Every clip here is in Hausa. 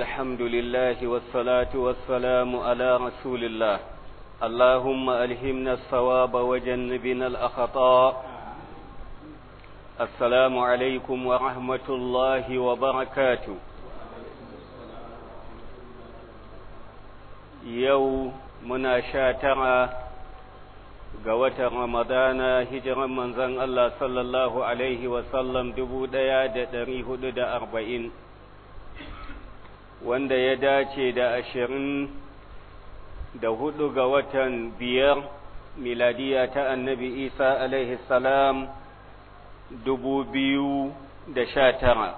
الحمد لله والصلاة والسلام على رسول الله اللهم ألهمنا الصواب وجنبنا الأخطاء السلام عليكم ورحمة الله وبركاته يوم مناشاتنا ga watan Ramadana hijiran manzon Allah sallallahu Alaihi wasallam dubu ɗaya da ɗari hudu da arba'in wanda ya dace da ashirin da hudu ga watan biyar miladiya ta annabi isa alaihi salam dubu biyu da sha tara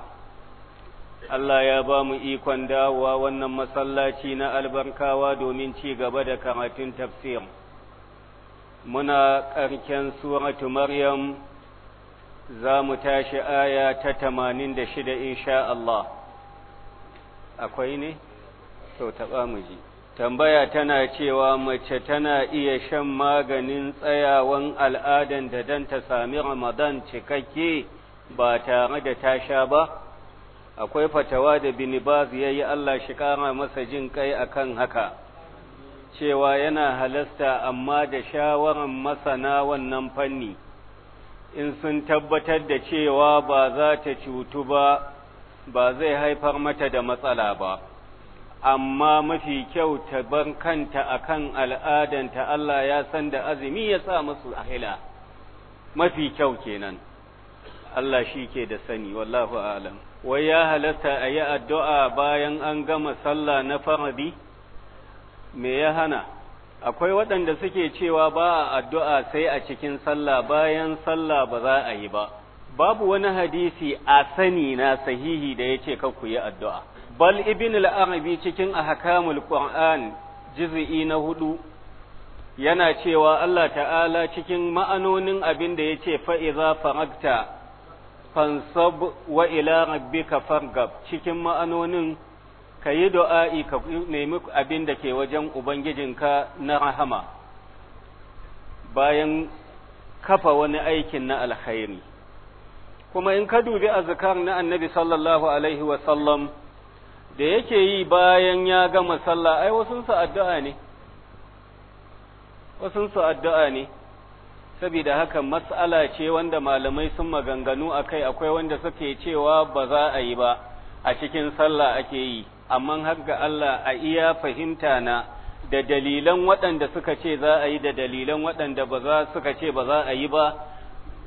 Allah ya ba mu ikon dawowa wannan masallaci na albarkawa domin ci gaba da karatun tafsir muna ƙarken suratu maryam za mu tashi aya ta tamanin da shida insha Allah akwai ne to taɓa mu tambaya tana cewa mace tana iya shan maganin tsayawan al'adan da dan ta sami ramadan cikakke ba tare da ta sha ba akwai fatawa da binibaz ya yi Allah shi kara masa jin kai akan haka cewa yana halasta amma da shawaran masana wannan fanni in sun tabbatar da cewa ba za ta cutu ba ba zai haifar mata da matsala ba amma mafi kyau ta bar kanta akan al'adanta Allah ya san da azumi ya sa musu ahila mafi kyau kenan Allah shi ke da sani wallahu alam wai ya halatta a yi addu'a bayan an gama sallah na faradi me ya hana akwai waɗanda suke cewa ba addu'a sai a cikin sallah bayan sallah ba za a yi ba babu wani hadisi a sani na sahihi da ya ce ku yi addu'a bal ibn al'arabi cikin a ahkamul qur'an juz'i na hudu yana cewa Allah ta'ala cikin ma'anonin abin da ya ce fa'iza faragta fansab wa ila ka fargab cikin ma'anonin ka yi do'a'i ka nemi abin da ke wajen Ubangijinka na rahama bayan kafa wani aikin na alkhairi kuma in ka dubi azkar na annabi sallallahu alaihi wa sallam da yake yi bayan ya gama sallah ai su addu'a ne su addu'a ne saboda haka mas'ala ce wanda malamai sun maganganu akai akwai wanda suke cewa ba za a yi ba a cikin sallah ake yi amma har ga Allah a iya fahimta na da dalilan waɗanda suka ce za a yi da dalilan waɗanda ba za suka ce ba za a yi ba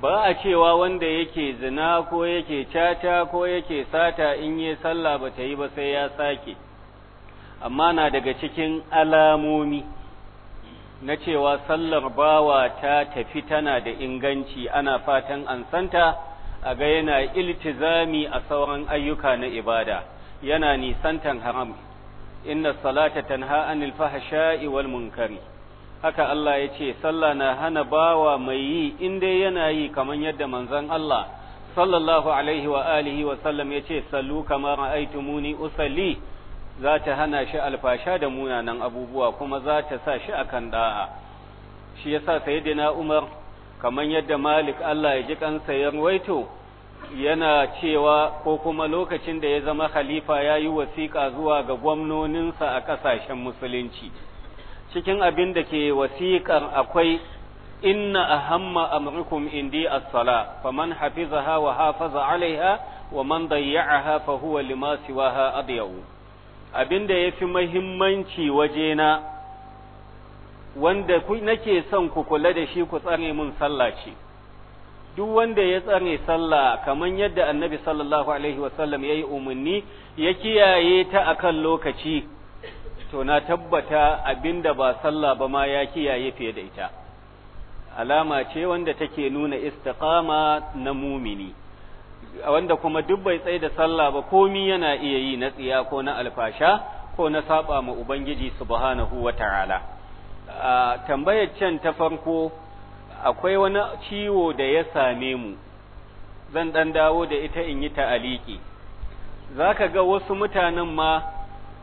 ba a cewa wanda yake zina ko yake caca ko yake sata in yi sallah ba ta yi ba sai ya sake amma na daga cikin alamomi na cewa sallar bawa ta tafi tana da inganci ana fatan an santa a ga yana iltizami a sauran ayyuka na ibada yana nisantan haram inna salata tanha anil fahsha'i wal munkari haka Allah ya ce sallah na hana bawa mai yi in dai yana yi kamar yadda manzon Allah sallallahu alaihi wa alihi wa sallam ya ce sallu kamar aitumuni usalli za ta hana shi alfasha da munanan abubuwa kuma za ta sa shi akan da'a shi yasa sayyidina Umar kamar yadda Malik Allah ya ji kansa ya waito yana cewa ko kuma lokacin da ya zama khalifa ya yi wasiƙa zuwa ga gwamnoninsa a ƙasashen musulunci cikin abin da ke wasiƙar akwai inna ahamma amrikum indi as-sala faman hafizaha wa hafaza alaiha wa man dayya'aha fa huwa lima siwaha adyaw abin da yafi muhimmanci wajena wanda nake son ku kula da shi ku tsare mun sallah ce duk wanda ya tsare sallah kamar yadda annabi sallallahu alaihi sallam yayi umarni ya kiyaye ta akan lokaci to na tabbata abinda ba sallah ba ma ya kiyaye fiye da ita alama ce wanda take nuna istiqama na mumini wanda kuma duk bai tsaye da sallah ba komi yana iya yi na tsiya ko na alfasha ko na saba ma ubangiji subhanahu wataala a tambayar can ta farko akwai wani ciwo da ya same mu zan dan dawo da ita in yi ta'aliki zaka ga wasu mutanen ma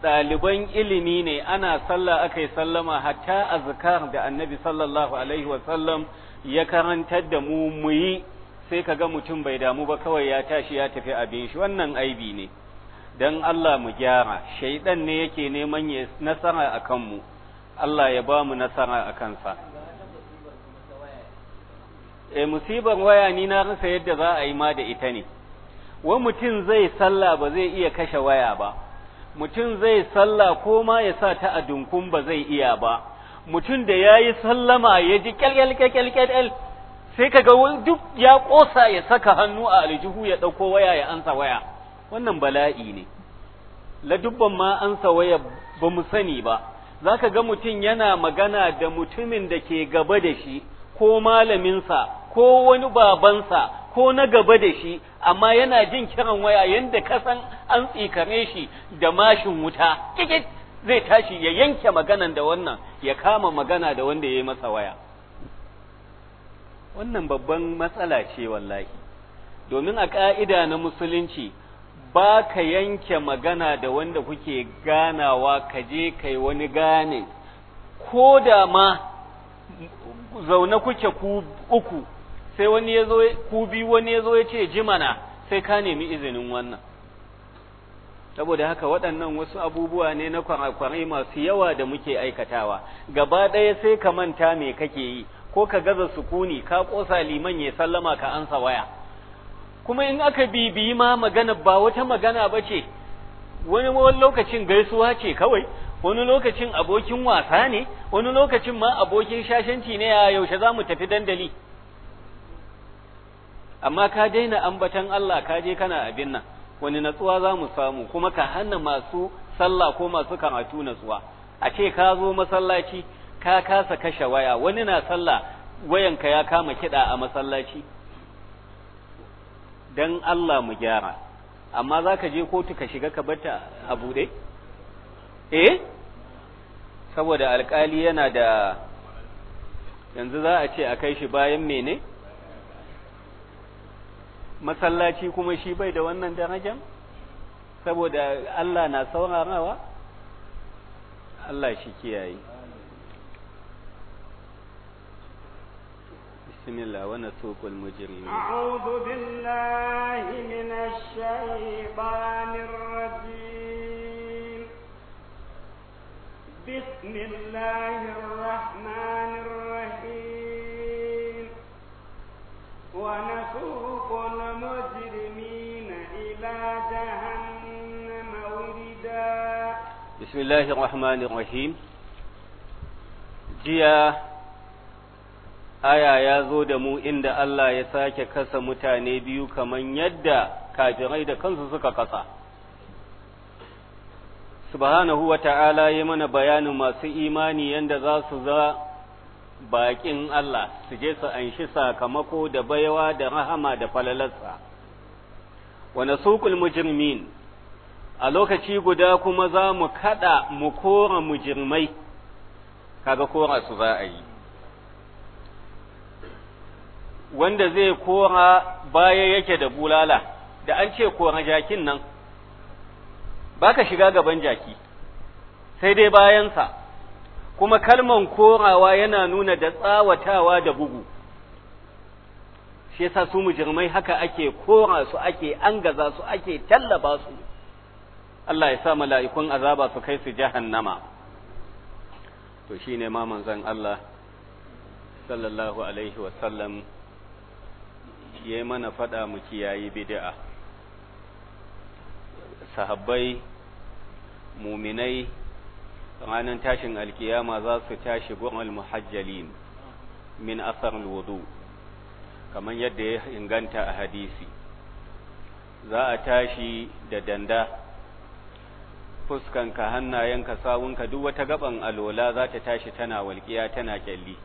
ɗaliban ilimi ne ana sallah aka yi sallama hatta azkar da annabi sallallahu alaihi wasallam ya karantar da mu muyi sai ka ga mutum bai damu ba kawai ya tashi ya tafi abin shi wannan aibi ne don Allah mu gyara shaidan ne yake neman ya nasara a kanmu Allah ya ba mu nasara a kansa e musibar waya ni na rasa yadda za a yi ma da ita ne wa mutum zai sallah ba zai iya kashe waya ba mutum zai sallah ko ma ya sa ta a dunkun ba zai iya ba mutum da ya yi sallama ya ji kyalkyalkyalkyal sai ka ga duk ya ƙosa ya saka hannu a aljihu ya ɗauko waya ya ansa waya wannan bala'i ne ladubban ma ansa waya ba mu sani ba za ka ga mutum yana magana da mutumin da ke gaba da shi ko malaminsa ko wani babansa ko na gaba da shi amma yana jin kiran waya yanda kasan an tsikare shi da mashin wuta kikit zai tashi ya yanke maganan da wannan ya kama magana da wanda ya yi masa waya wannan babban matsala ce wallahi domin a ka'ida na musulunci ba ka yanke magana da wanda kuke ganawa ka je kai wani gane ko da ma zaune kuke ku uku sai wani ya zo ku bi wani ya zo ya ce jimana sai ka nemi izinin wannan saboda haka waɗannan wasu abubuwa ne na kwarai masu yawa da muke aikatawa gaba ɗaya sai ka manta me kake yi ko ka gaza sukuni ka ƙosa liman ya sallama ka ansa waya kuma in aka bibiyi ma magana ba wata magana ba ce wani lokacin gaisuwa ce kawai wani lokacin abokin wasa ne wani lokacin ma abokin shashanci ne a yaushe za mu tafi dandali amma ka daina ambatan Allah ka je kana abin nan wani natsuwa za mu samu kuma ka hana masu sallah ko masu karatu natsuwa a ce ka zo masallaci ka kasa kashe waya wani na sallah wayanka ya kama kiɗa a masallaci dan Allah mu gyara amma za ka je kotu ka shiga ka bata a buɗe? eh saboda alƙali yana da yanzu za a ce a kai shi bayan mene? ne masallaci kuma shi bai da wannan darajan saboda Allah na saurarawa Allah shi kiyaye بسم الله ونسوق المجرمين أعوذ بالله من الشيطان الرجيم بسم الله الرحمن الرحيم ونسوق المجرمين إلى جهنم وردا بسم الله الرحمن الرحيم جيا aya ya zo da mu inda Allah ya sake kasa mutane biyu kamar yadda kafirai da kansu suka kasa subhanahu wa ta'ala ya mana bayanin masu imani yanda za su za baƙin Allah su je su anshi sakamako da baiwa da rahama da falalarsa wa nasuqul mujrimin a lokaci guda kuma za mu kada mu kora mujrimai kaga kora su za a yi wanda zai kora baya yake da bulala da an ce kora jakin nan baka shiga gaban jaki sai dai bayansa kuma kalman korawa yana nuna da tsawatawa da bugu shi yasa su mujirmai haka ake kora su ake angaza su ake tallaba su Allah ya sa mala'ikun azaba su kai su jahannama to shine ma manzon Allah sallallahu alaihi wa sallam yayi mana fada mu kiyayi bid'a sahabbai muminai ranar tashin alkiyama za su tashi gurin muhajjalin min asar wudu kamar yadda ya inganta a hadisi za a tashi da danda fuskanka hannayenka sawunka duk wata gaban alola za ta tashi tana walƙiya tana kyalli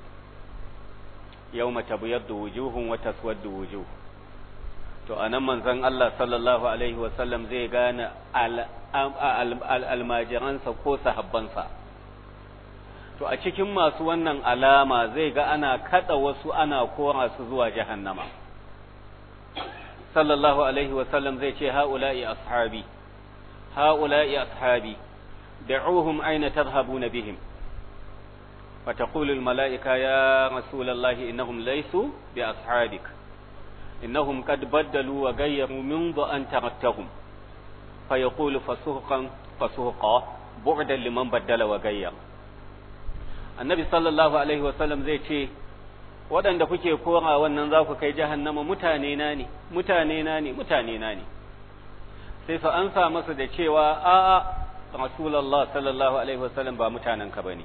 yau mata biyar da wujuhun wata suwar da wujuhun to a anan manzon Allah sallallahu alaihi wasallam zai gane almajiransa ko sahabbansa to a cikin masu wannan alama zai ga ana kada wasu ana kora su zuwa jahannama sallallahu alaihi wasallam zai ce haula'i ashabi haula'i ashabi da'uhum aina tadhhabuna bihim فتقول الملائكة يا رسول الله إنهم ليسوا بأصحابك إنهم قد بدلوا وغيروا منذ أن تركتهم فيقول فسوقا فسوقا بعدا لمن بدل وغير النبي صلى الله عليه وسلم زي ce waɗanda kuke kora wannan za ku kai jahannama mutane na ne mutane na ne mutane na ne sai su ansa masa da cewa a'a rasulullah sallallahu alaihi wasallam ba mutanen ka bane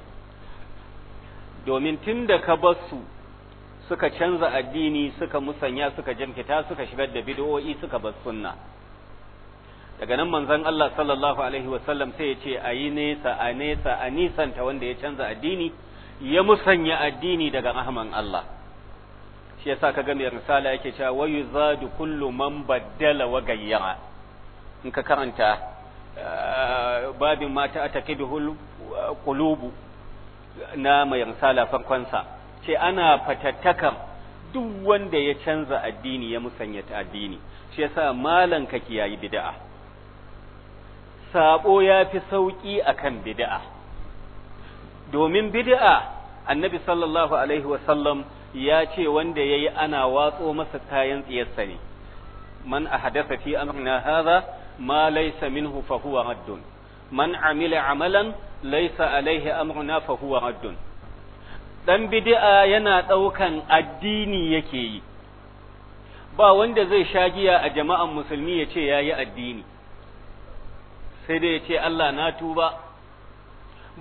domin tunda ka bar su suka canza addini suka musanya suka jamkita suka shigar da bid'o'i suka bar sunna daga nan manzon Allah sallallahu alaihi wasallam sai ya ce ayi nesa a nesa a nisanta wanda ya canza addini ya musanya addini daga rahman Allah shi yasa kaga mai risala yake cewa wayu zadu kullu man baddala wa gayya in ka karanta uh, babin mata atakiduhul uh, qulubu na mai risala farkonsa ce ana fatattakar duk wanda ya canza addini ya ta addini shi yasa malan ka kiyayi bid'a sabo yafi sauki akan bid'a domin bid'a annabi sallallahu alaihi sallam ya ce wanda yayi ana watso masa kayan tsiyarsa ne man ahadatha fi amrina hadha ma laysa minhu fa huwa raddun man amila amalan laysa alaihi amruna fa huwa raddun dan bid'a yana ɗaukan addini yake yi ba wanda zai sha giya a jama'an musulmi ya ce ya yi addini sai dai ya ce Allah na tuba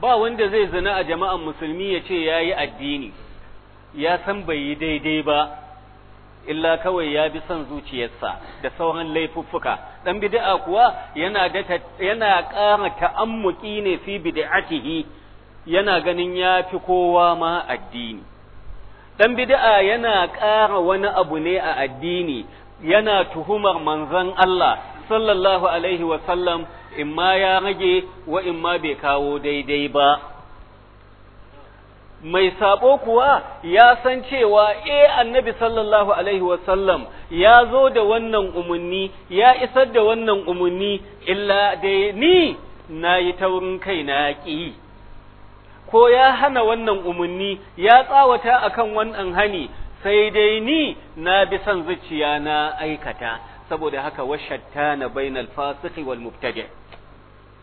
ba wanda zai zina a jama'an musulmi ya ce ya yi addini ya san bai yi daidai ba illa kawai ya bi son zuciyarsa da sauran laifuffuka dan bid'a kuwa yana yana ƙara ta'ammuki ne fi bid'atihi yana ganin ya fi kowa ma addini ɗan bid'a yana ƙara wani abu ne a addini yana tuhumar manzon Allah sallallahu alaihi wasallam ma ya rage wa in ma bai kawo daidai ba mai sabo kuwa ya san cewa eh annabi sallallahu alaihi wasallam ya zo da wannan umunni ya isar da wannan umunni illa dai ni na yi taurin kai na ƙi ko ya hana wannan umarni ya tsawata akan wannan hani sai dai ni na bi son zuciya na aikata saboda haka washatta na bainal fasiki wal mubtadi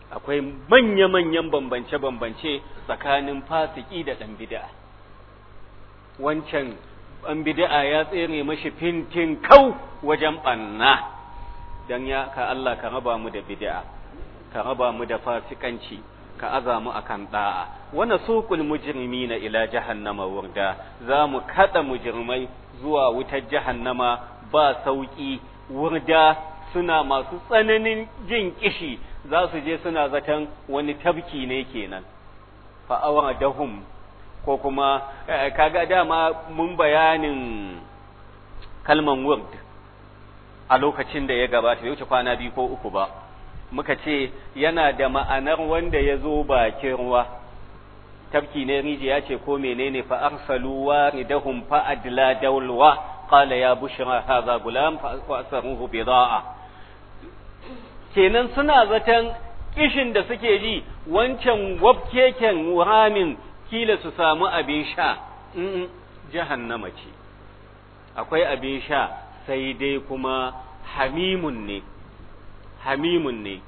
akwai manya-manyan bambance-bambance tsakanin fasiki da ɗan bid'a wancan ɗan bid'a ya tsere mashi fintin kau wajen banna don ya ka Allah ka raba mu da bid'a ka raba mu da fasikanci ka aza mu akan da'a wa nasuqul mujrimina ila jahannama wurda za mu kada mujrimai zuwa wutar jahannama ba sauki wurda suna masu tsananin jin kishi za su je suna zaton wani tabki ne kenan fa awadahum ko kuma eh, kaga dama mun bayanin kalman wurd a lokacin da ya gabata bai wuce kwana biyu ko uku ba muka ce yana da ma'anar wanda ya zo bakin ruwa tafki ne rijiya ce ko menene fa arsalu ridahum fa adla dawlwa qala ya bushra hadha gulam fa asaruhu bidaa kenan suna zaton kishin da suke ji wancan wabkeken ramin kila su samu abin sha jahannama ce akwai abin sha sai dai kuma hamimun ne hamimun ne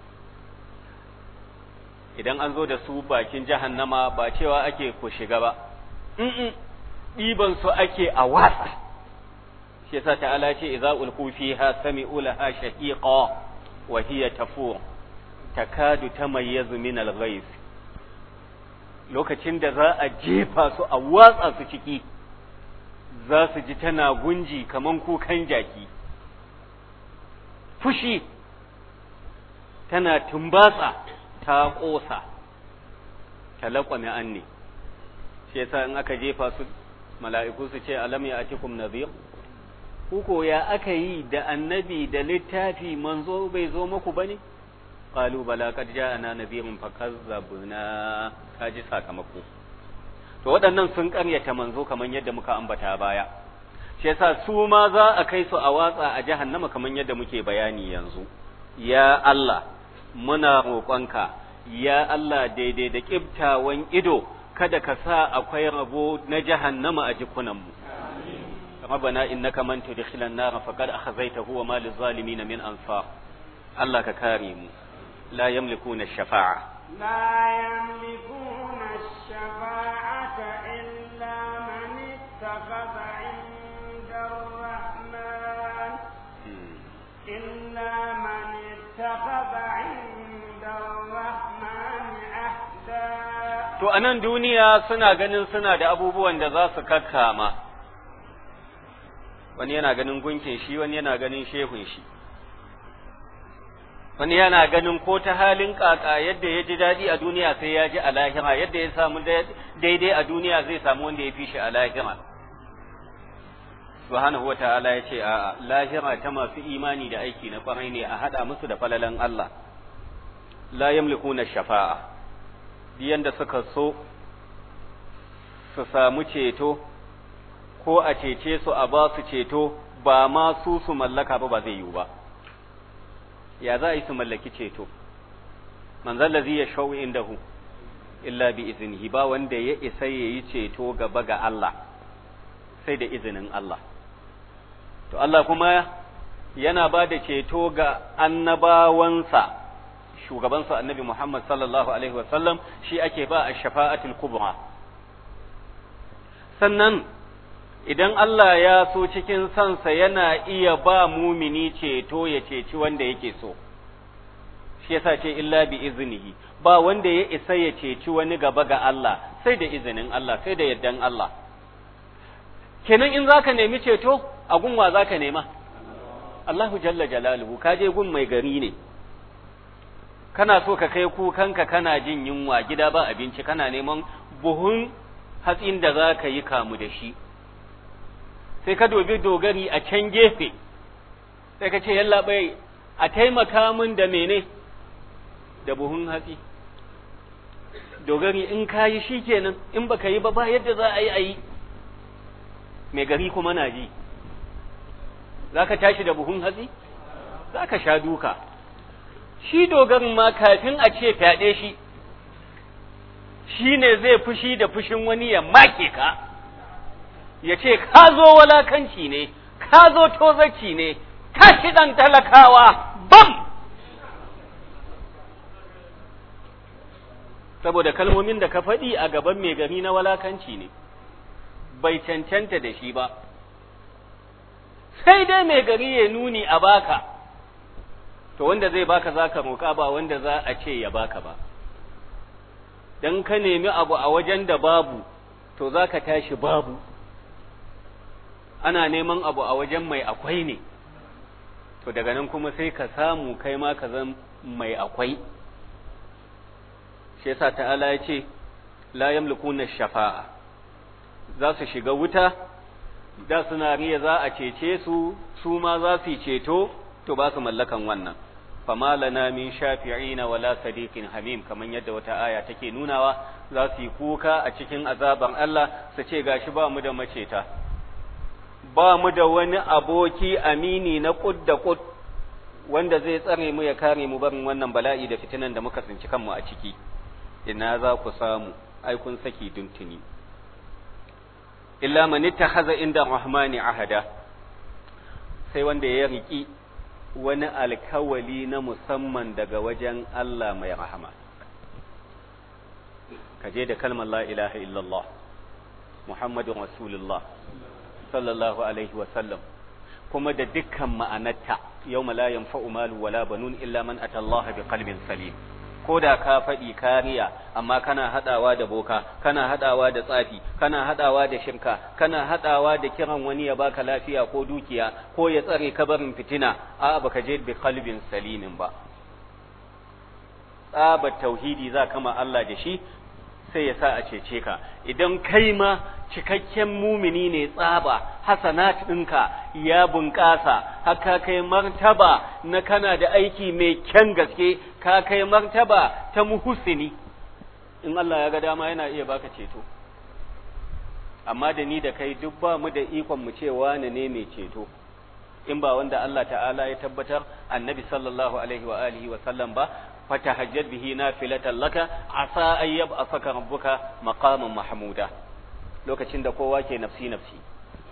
idan an zo da su bakin jahannama ba cewa ake ku shiga ba ɗiban su ake a watsa shi yasa ta'ala ce idza ulqu fiha sami'u laha shaqiqa wa hiya tafur takadu tamayyazu min al-ghayz lokacin da za a jefa su a watsa su ciki za su ji tana gunji kaman kukan jaki fushi tana tumbatsa ta ƙosa ta laƙwame ne shi yasa in aka jefa su mala'iku su ce alam ya atikum nadhir kuko ya aka yi da annabi da littafi manzo bai zo muku bane qalu bala qad ja'ana nadhirun na kaji sakamako to waɗannan sun ƙaryata manzo kamar yadda muka ambata baya shi yasa su ma za a kai su a watsa a jahannama kamar yadda muke bayani yanzu ya Allah muna roƙonka, ya Allah daidai da ƙibtawan ido kada ka sa akwai rabo na jahannama a jikunanmu. Rabana innaka man tudkhilan nar faqad akhazaita huwa mal zalimin min anfar Allah ka kare mu la yamlikuna shafa'a la yamlikuna shafa'ata illa man ittakhadha inda rahman hmm. illa man ittakhadha to a nan duniya suna ganin suna da abubuwan da za su kakkama wani yana ganin gunkin shi wani yana ganin shehun shi wani yana ganin ko ta halin kaka yadda ya ji daɗi a duniya sai ya ji a lahira yadda ya samu daidai a duniya zai samu wanda ya fi shi a lahira subhanahu wata'ala ya ce a lahira ta masu imani da aiki na kwarai ne a haɗa musu da falalan Allah la yamlikuna shafa'a da suka so su samu ceto ko a cece su a ba su ceto ba ma su su mallaka ba ba zai yiwu ba ya za a yi su mallaki ceto manzan lazi ya shau indahu illa bi izini ba wanda ya isa ya yi ceto gaba ga Allah sai da izinin Allah to Allah kuma yana ba da ceto ga annabawansa shugabansa annabi Muhammad sallallahu alaihi wasallam shi ake ba a shafa'atul kubra sannan idan Allah ya so cikin san sansa yana iya ba mumini ceto ya ceci wanda yake so shi yasa ce illa bi iznihi ba wanda ya isa ya ceci wani gaba ga Allah sai da izinin Allah sai da yardan Allah kenan in zaka nemi ceto a gunwa zaka nema Allahu jalla jalaluhu kaje gun mai gari ne kana so ka kai kukanka kana jin yunwa gida ba abinci kana neman buhun hatsin da za ka yi kamu da shi sai ka dobi dogari a can gefe sai ka ce yalla bai a taimaka min da mene da buhun hatsi dogari in ka yi shi kenan in baka yi ba ba yadda za a yi a yi mai gari kuma na ji za ka tashi da buhun hatsi za ka sha duka shi dogarin ma kafin a ce fyaɗe shi shi ne zai fushi da fushin wani ya make ka ya ce ka zo walakanci ne ka zo tozaki ne ka shi ɗan talakawa bam saboda kalmomin da ka faɗi a gaban mai gari na walakanci ne bai cancanta da shi ba sai dai mai gari ya nuni a baka to wanda zai baka zaka roƙa ba wanda za a ce ya baka ba dan ka nemi abu a wajen da babu to zaka tashi babu ana neman abu a wajen mai akwai ne to daga nan kuma sai ka samu kai ma ka zan mai akwai shi yasa ta'ala ya ce la yamlikuna shafa'a za su shiga wuta da suna riya za a cece su su ma za su ceto to ba su mallakan wannan fama lana min shafi'ina wala sadiqin hamim kaman yadda wata aya take nunawa za su yi kuka a cikin azaban Allah su ce gashi ba mu da maceta ba mu da wani aboki amini na kud da kud wanda zai tsare mu ya kare mu barin wannan bala'i da fitinan da muka tsinci kanmu a ciki ina za ku samu ai kun saki duntuni illa man ittakhadha inda rahmani ahada sai wanda ya riki wani alkawali na musamman daga wajen Allah mai rahama kaje da kalmar la ilaha illallah muhammadun rasulullah sallallahu alaihi wasallam kuma da dukkan ma'anarta yau la yanfa'u malu wala banun illa man atallaha bi qalbin salim ko da ka faɗi kariya amma kana haɗawa da boka kana haɗawa da tsafi kana haɗawa da shirka kana haɗawa da kiran wani ya baka lafiya ko dukiya ko ya tsare kabarin fitina a baka je bi kalbin salimin ba tsabar tauhidi za kama Allah da shi sai ya sa a cece ka idan kai ma cikakken mumini ne tsaba Hassanat ɗinka ya bunƙasa haka kai martaba na kana da aiki mai kyan gaske ka kai martaba ta muhusini in Allah ya ga dama yana iya baka ceto amma da ni da kai duk ba mu da ikon mu cewa ne ne mai ceto in ba wanda Allah ta'ala ya tabbatar annabi sallallahu alaihi wa alihi wa sallam ba fatahajjad bihi nafilatan laka asa an yab'asaka rabbuka maqaman mahmuda lokacin da kowa ke nafsi nafsi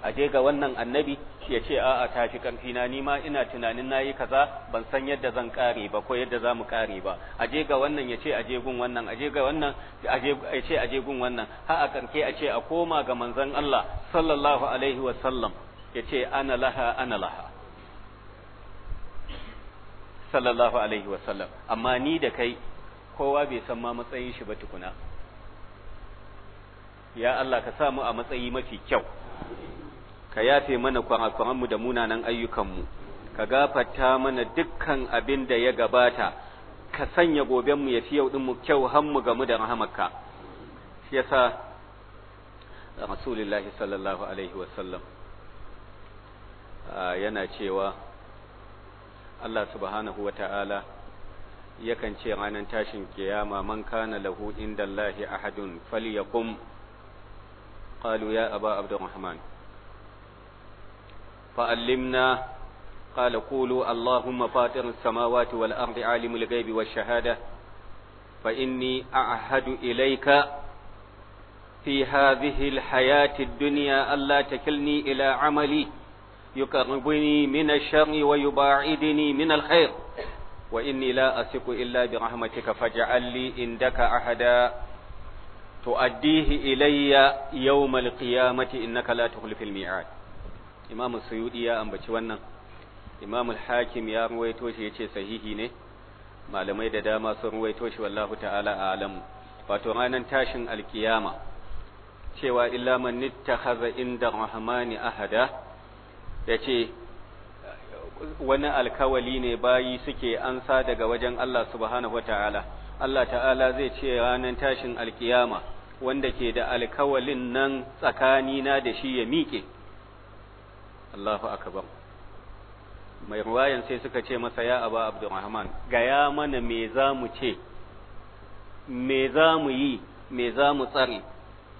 aje ga wannan annabi ya ce a'a ta fi karfi na ni ma ina tunanin nayi kaza ban san yadda zan kare ba ko yadda zamu kare ba aje ga wannan ya ce a gun wannan a ga wannan aje ya ce a gun wannan har a karke a ce a koma ga manzon Allah sallallahu alaihi wa sallam ya ce ana laha ana laha sallallahu alaihi wasallam amma ni da kai kowa bai san ma matsayin shi ba tukuna ya Allah ka samu a matsayi mafi kyau ka yafe mana mu da munanan ayyukanmu ka gafarta mana dukkan abin da ya gabata ka sanya gobenmu ya fi yau mu kyau har mu gamu da rahamarka shi yasa rasulullahi sallallahu alaihi wasallam yana cewa Allah subhanahu wa ta’ala yakan ce ranar tashin kiyama man kana lahu inda Allahi ahadun fali ya kum ƙalu ya aba abdurrahman fa’allimna ƙala kulu Allahumma fatir samawati wal ardi alimul gaibi wa shahada fa inni a'hadu ilayka fi hadhihi al hayati ad-dunya alla takilni ila amali يقربني من الشر ويباعدني من الخير وإني لا أثق إلا برحمتك فاجعل لي عندك أحدا تؤديه إلي يوم القيامة إنك لا تخلف الميعاد إمام السيودي يا أنبتي wannan إمام الحاكم يا رويتو shi yace sahihi ne malamai da dama sun ruwaito shi wallahu ta'ala alamu wato ranar tashin alkiyama cewa illa man nittakhadha inda rahmani ahada Da ce wani alkawali ne bayi suke ansa daga wajen Allah subhanahu wata'ala Allah ta'ala zai ce ranar tashin alkiyama wanda ke da alkawalin nan tsakanina da shi ya miƙe Allahu akbar mai ruwayan sai suka ce masa ya aba abdurrahman gaya mana me za mu ce me za mu yi me za mu tsare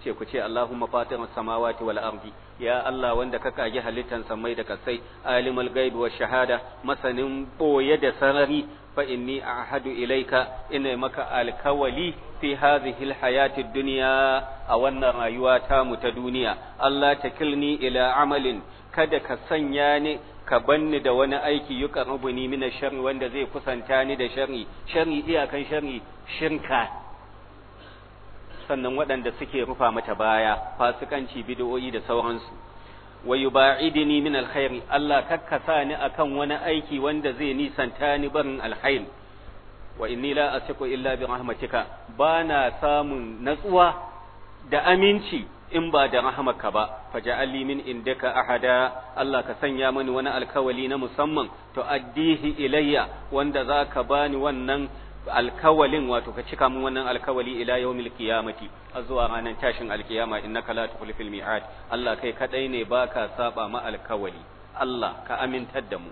ce ku ce Allahumma fatir samawati wal ardi ya Allah wanda ka kage halittan samai da kasai alimul gaibi wa shahada masanin boye da sarari fa inni ahadu ilaika ina maka alkawali fi hadhihi alhayati dunya a wannan rayuwa ta mu ta duniya Allah takilni ila amalin kada ka sanya ni ka banni da wani aiki yuka min ash-sharri wanda zai kusanta ni da sharri sharri iyakan sharri shirka sannan waɗanda suke rufa mata baya fasikanci bid'o'i da sauransu wa yubaidini min alkhairi Allah kakkasa ni akan wani aiki wanda zai nisanta ni barin alkhair. wa inni la asiku illa bi rahmatika bana samun natsuwa da aminci in ba da rahamarka ba alli min indaka ahada Allah ka sanya mani wani alkawali na musamman to addihi ilayya wanda zaka bani wannan alkawalin wato ka cika mun wannan alkawali ila yawmil qiyamati zuwa ranar tashin alkiyama innaka la tukhlifil mi'ad Allah kai kadai ne baka saba ma alkawali Allah ka amintar da mu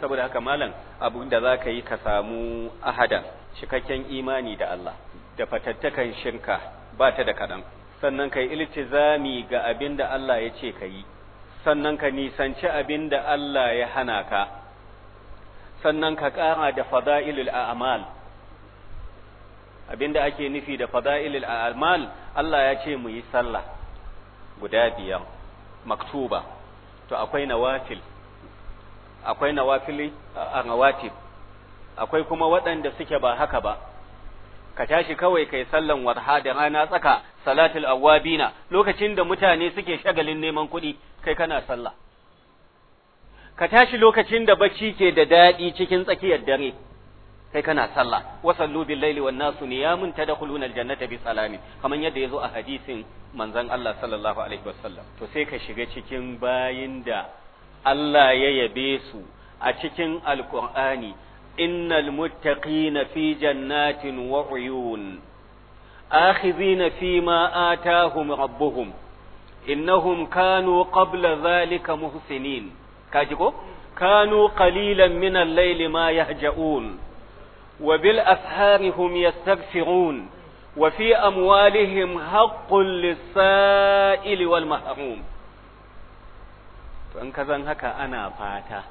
saboda haka malam abinda zaka yi ka samu ahada cikakken imani da Allah da fatattakan shirka ba ta da kadan sannan kai iltizami ga abin da Allah ya ce ka yi sannan ka nisanci abin da Allah ya hana ka sannan ka kara da fada'ilul a'mal abinda ake nufi da fada'ilil a'mal Allah ya ce mu yi sallah guda biyar maktuba to akwai nawafil akwai nawafili a nawatib akwai kuma waɗanda suke ba haka ba ka tashi kawai kai sallan warha da rana tsaka salatul awabina lokacin da mutane suke shagalin neman kuɗi kai kana sallah ka tashi lokacin da bacci ke da daɗi cikin tsakiyar dare kai kana sallah wa sallu bil laili wan nasu niyamun tadkhuluna al jannata bi salamin kaman yadda yazo a hadisin manzon Allah sallallahu alaihi wasallam to sai ka shiga cikin bayin da Allah ya yabe su a cikin alqur'ani innal muttaqina fi jannatin wa uyun akhidhina fima atahum rabbuhum innahum kanu qabla dhalika muhsinin kaji ko kanu qalilan min al-layli ma yahja'un وبال هم يستغفرون وفي أموالهم حق للسائل والمحروم فإن كذن هكا أنا فاتا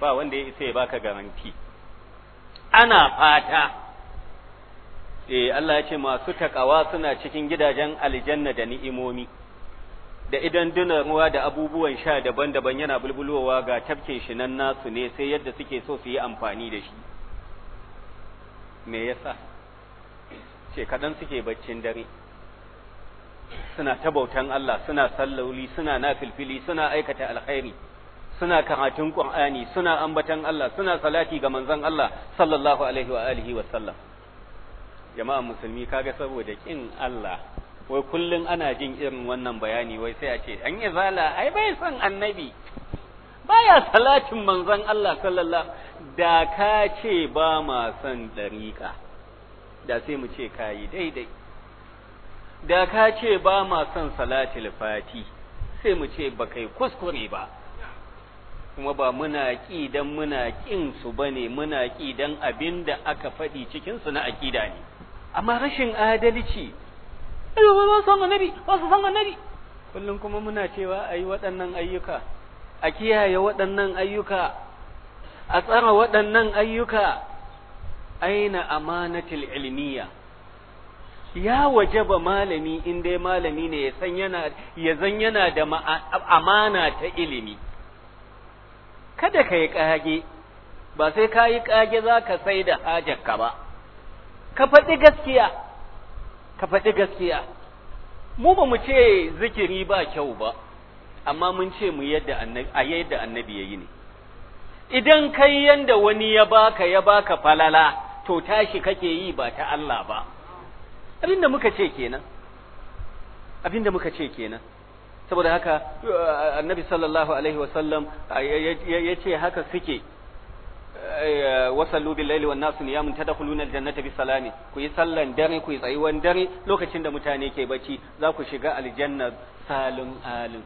با wanda ya isa ya baka garanti ana fata eh Allah ya ce masu takawa suna cikin gidajen aljanna da ni'imomi da idan duna ruwa da abubuwan sha daban-daban yana bulbulowa ga tafkin shi nan nasu ne sai yadda suke so su yi amfani da shi me yasa ce kaɗan suke baccin dare suna ta bautan Allah suna sallauli suna nafilfili suna aikata alkhairi suna karatun Qur'ani suna ambatan Allah suna salati ga manzon Allah sallallahu alaihi wa alihi wa sallam jama'a musulmi kaga saboda kin Allah wai kullun ana jin irin wannan bayani wai sai a ce an yi zala ai bai son annabi baya salatin manzon Allah sallallahu da ka ce ba ma son dariƙa da sai mu ce kayi daidai da ka ce ba ma son salatul fati sai mu ce ba kai kuskure ba kuma ba muna ƙi dan muna ƙin su bane muna ƙi dan abin da aka faɗi cikin su na aƙida ne amma rashin adalci ba san annabi ba san annabi kullum kuma muna cewa ayi waɗannan ayyuka a kiyaye waɗannan ayyuka a tsara waɗannan ayyuka aina amanatul ilmiya ya wajaba malami in dai malami ne ya san yana ya zan yana da amana ta ilimi kada ka yi kage ba sai ka yi kage za ka sai da hajarka ba ka faɗi gaskiya ka faɗi gaskiya mu ba mu ce zikiri ba kyau ba amma mun ce mu yadda annabi a yadda annabi yayi ne idan kai yanda wani ya baka ya baka falala to tashi kake yi ba ta Allah ba abinda muka ce kenan abinda muka ce kenan saboda haka uh, annabi sallallahu alaihi wasallam uh, ya ce haka suke uh, wasallu bil laili wan nasu niyamun tadkhuluna al jannata bi salami ku yi sallan dare ku yi tsayuwan dare lokacin da mutane ke bacci za ku shiga aljanna salun alin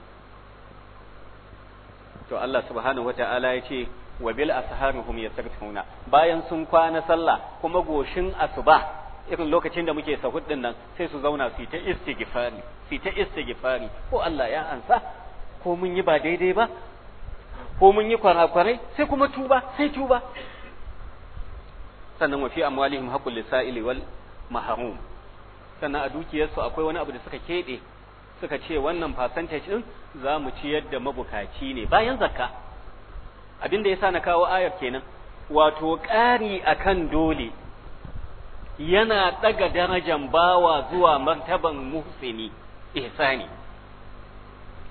to Allah subhanahu wata'ala ya ce wa bil asharihum yastaghfiruna bayan sun kwana sallah kuma goshin asuba irin lokacin da muke sahud din nan sai su zauna su ta istighfari su ta istighfari ko Allah ya ansa ko mun yi ba daidai ba ko mun yi kwarakwarai sai kuma tuba sai tuba sannan wa fi amwalihim haqqul lisaili wal mahrum sannan a dukiyarsu akwai wani abu da suka keɗe. suka ce wannan percentage din za mu ci yadda mabukaci ne bayan zakka abinda yasa na kawo ayar kenan wato ƙari akan dole yana ɗaga darajan bawa zuwa martaban muhsini ihsani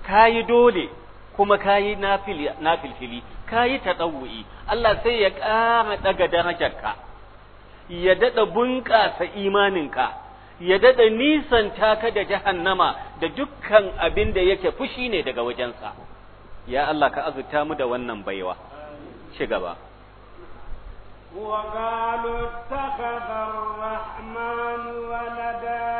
kayi dole kuma kayi nafilfili kayi tadawu'i Allah sai ya ƙara ɗaga darajarka ya daɗa bunƙasa imaninka ya dada nisan taka da jahannama da dukkan abin da yake fushi ne daga wajensa ya Allah ka azurta mu da wannan baiwa ci gaba وقالوا اتخذ الرحمن ولدا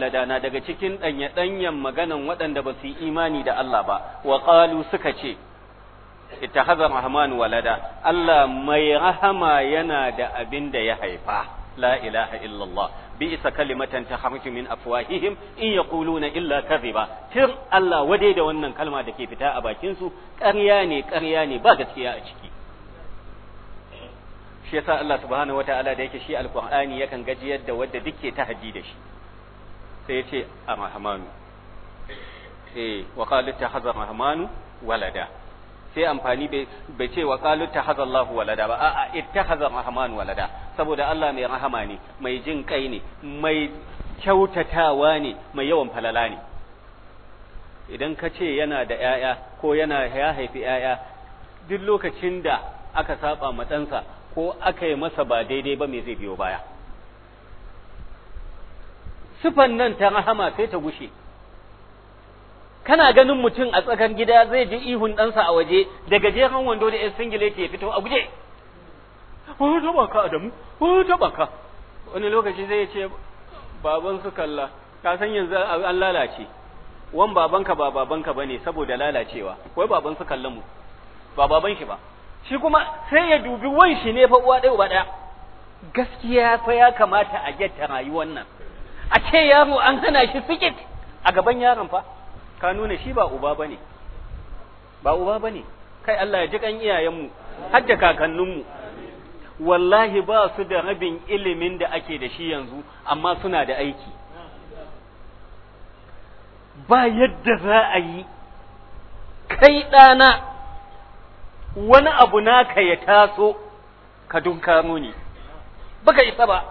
وقالوا na daga cikin ɗanyen maganan waɗanda ba su yi imani da Allah ba waqalu suka ce ittakhadha rahman walada Allah mai rahama yana da abin da ya haifa la ilaha illallah bi isa kalimatan takhruju min afwahihim in yaquluna illa kadhiba tir Allah wadai da wannan kalma da ke fita a bakin su ƙarya ne ƙarya ne ba gaskiya a ciki shi yasa Allah subhanahu wataala da yake shi alqur'ani yakan gajiyar da wanda duke tahajji da shi sai yace arrahmanu eh wa qala ittakhadha arrahmanu walada sai amfani bai ce wa qalu tahazallahu walada ba a'a haza rahman walada saboda Allah mai rahama ne mai jin kai ne mai kyautatawa ne mai yawan falala ne idan ka ce yana da ‘ya'ya ko yana ya haifi ‘ya'ya duk lokacin da aka saba matsansa ko aka yi masa ba daidai ba mai zai biyo baya sifan nan ta rahama sai ta gushe kana ganin mutum a tsakan gida zai ji ihun ɗansa a waje daga jefan wando da 'yan singile ke fito a guje wani taɓa ka adamu wani taɓa ka wani lokaci zai ce baban su kalla ka san yanzu an lalace wan babanka ba babanka bane saboda lalacewa wai baban su kalla mu ba baban shi ba shi kuma sai ya dubi wan shi ne fa uwa ɗaya ba ɗaya gaskiya fa ya kamata a gyatta rayuwar nan a ce yaro an hana shi sikit a gaban yaron fa ka nuna shi ba uba bane ba uba bane kai Allah ya ji kan iyayenmu har da kakanninmu wallahi ba su da rabin ilimin da ake da shi yanzu amma suna da aiki ba yadda za a yi kai ɗana wani abu naka ya taso ka dunkano ne baka isa ba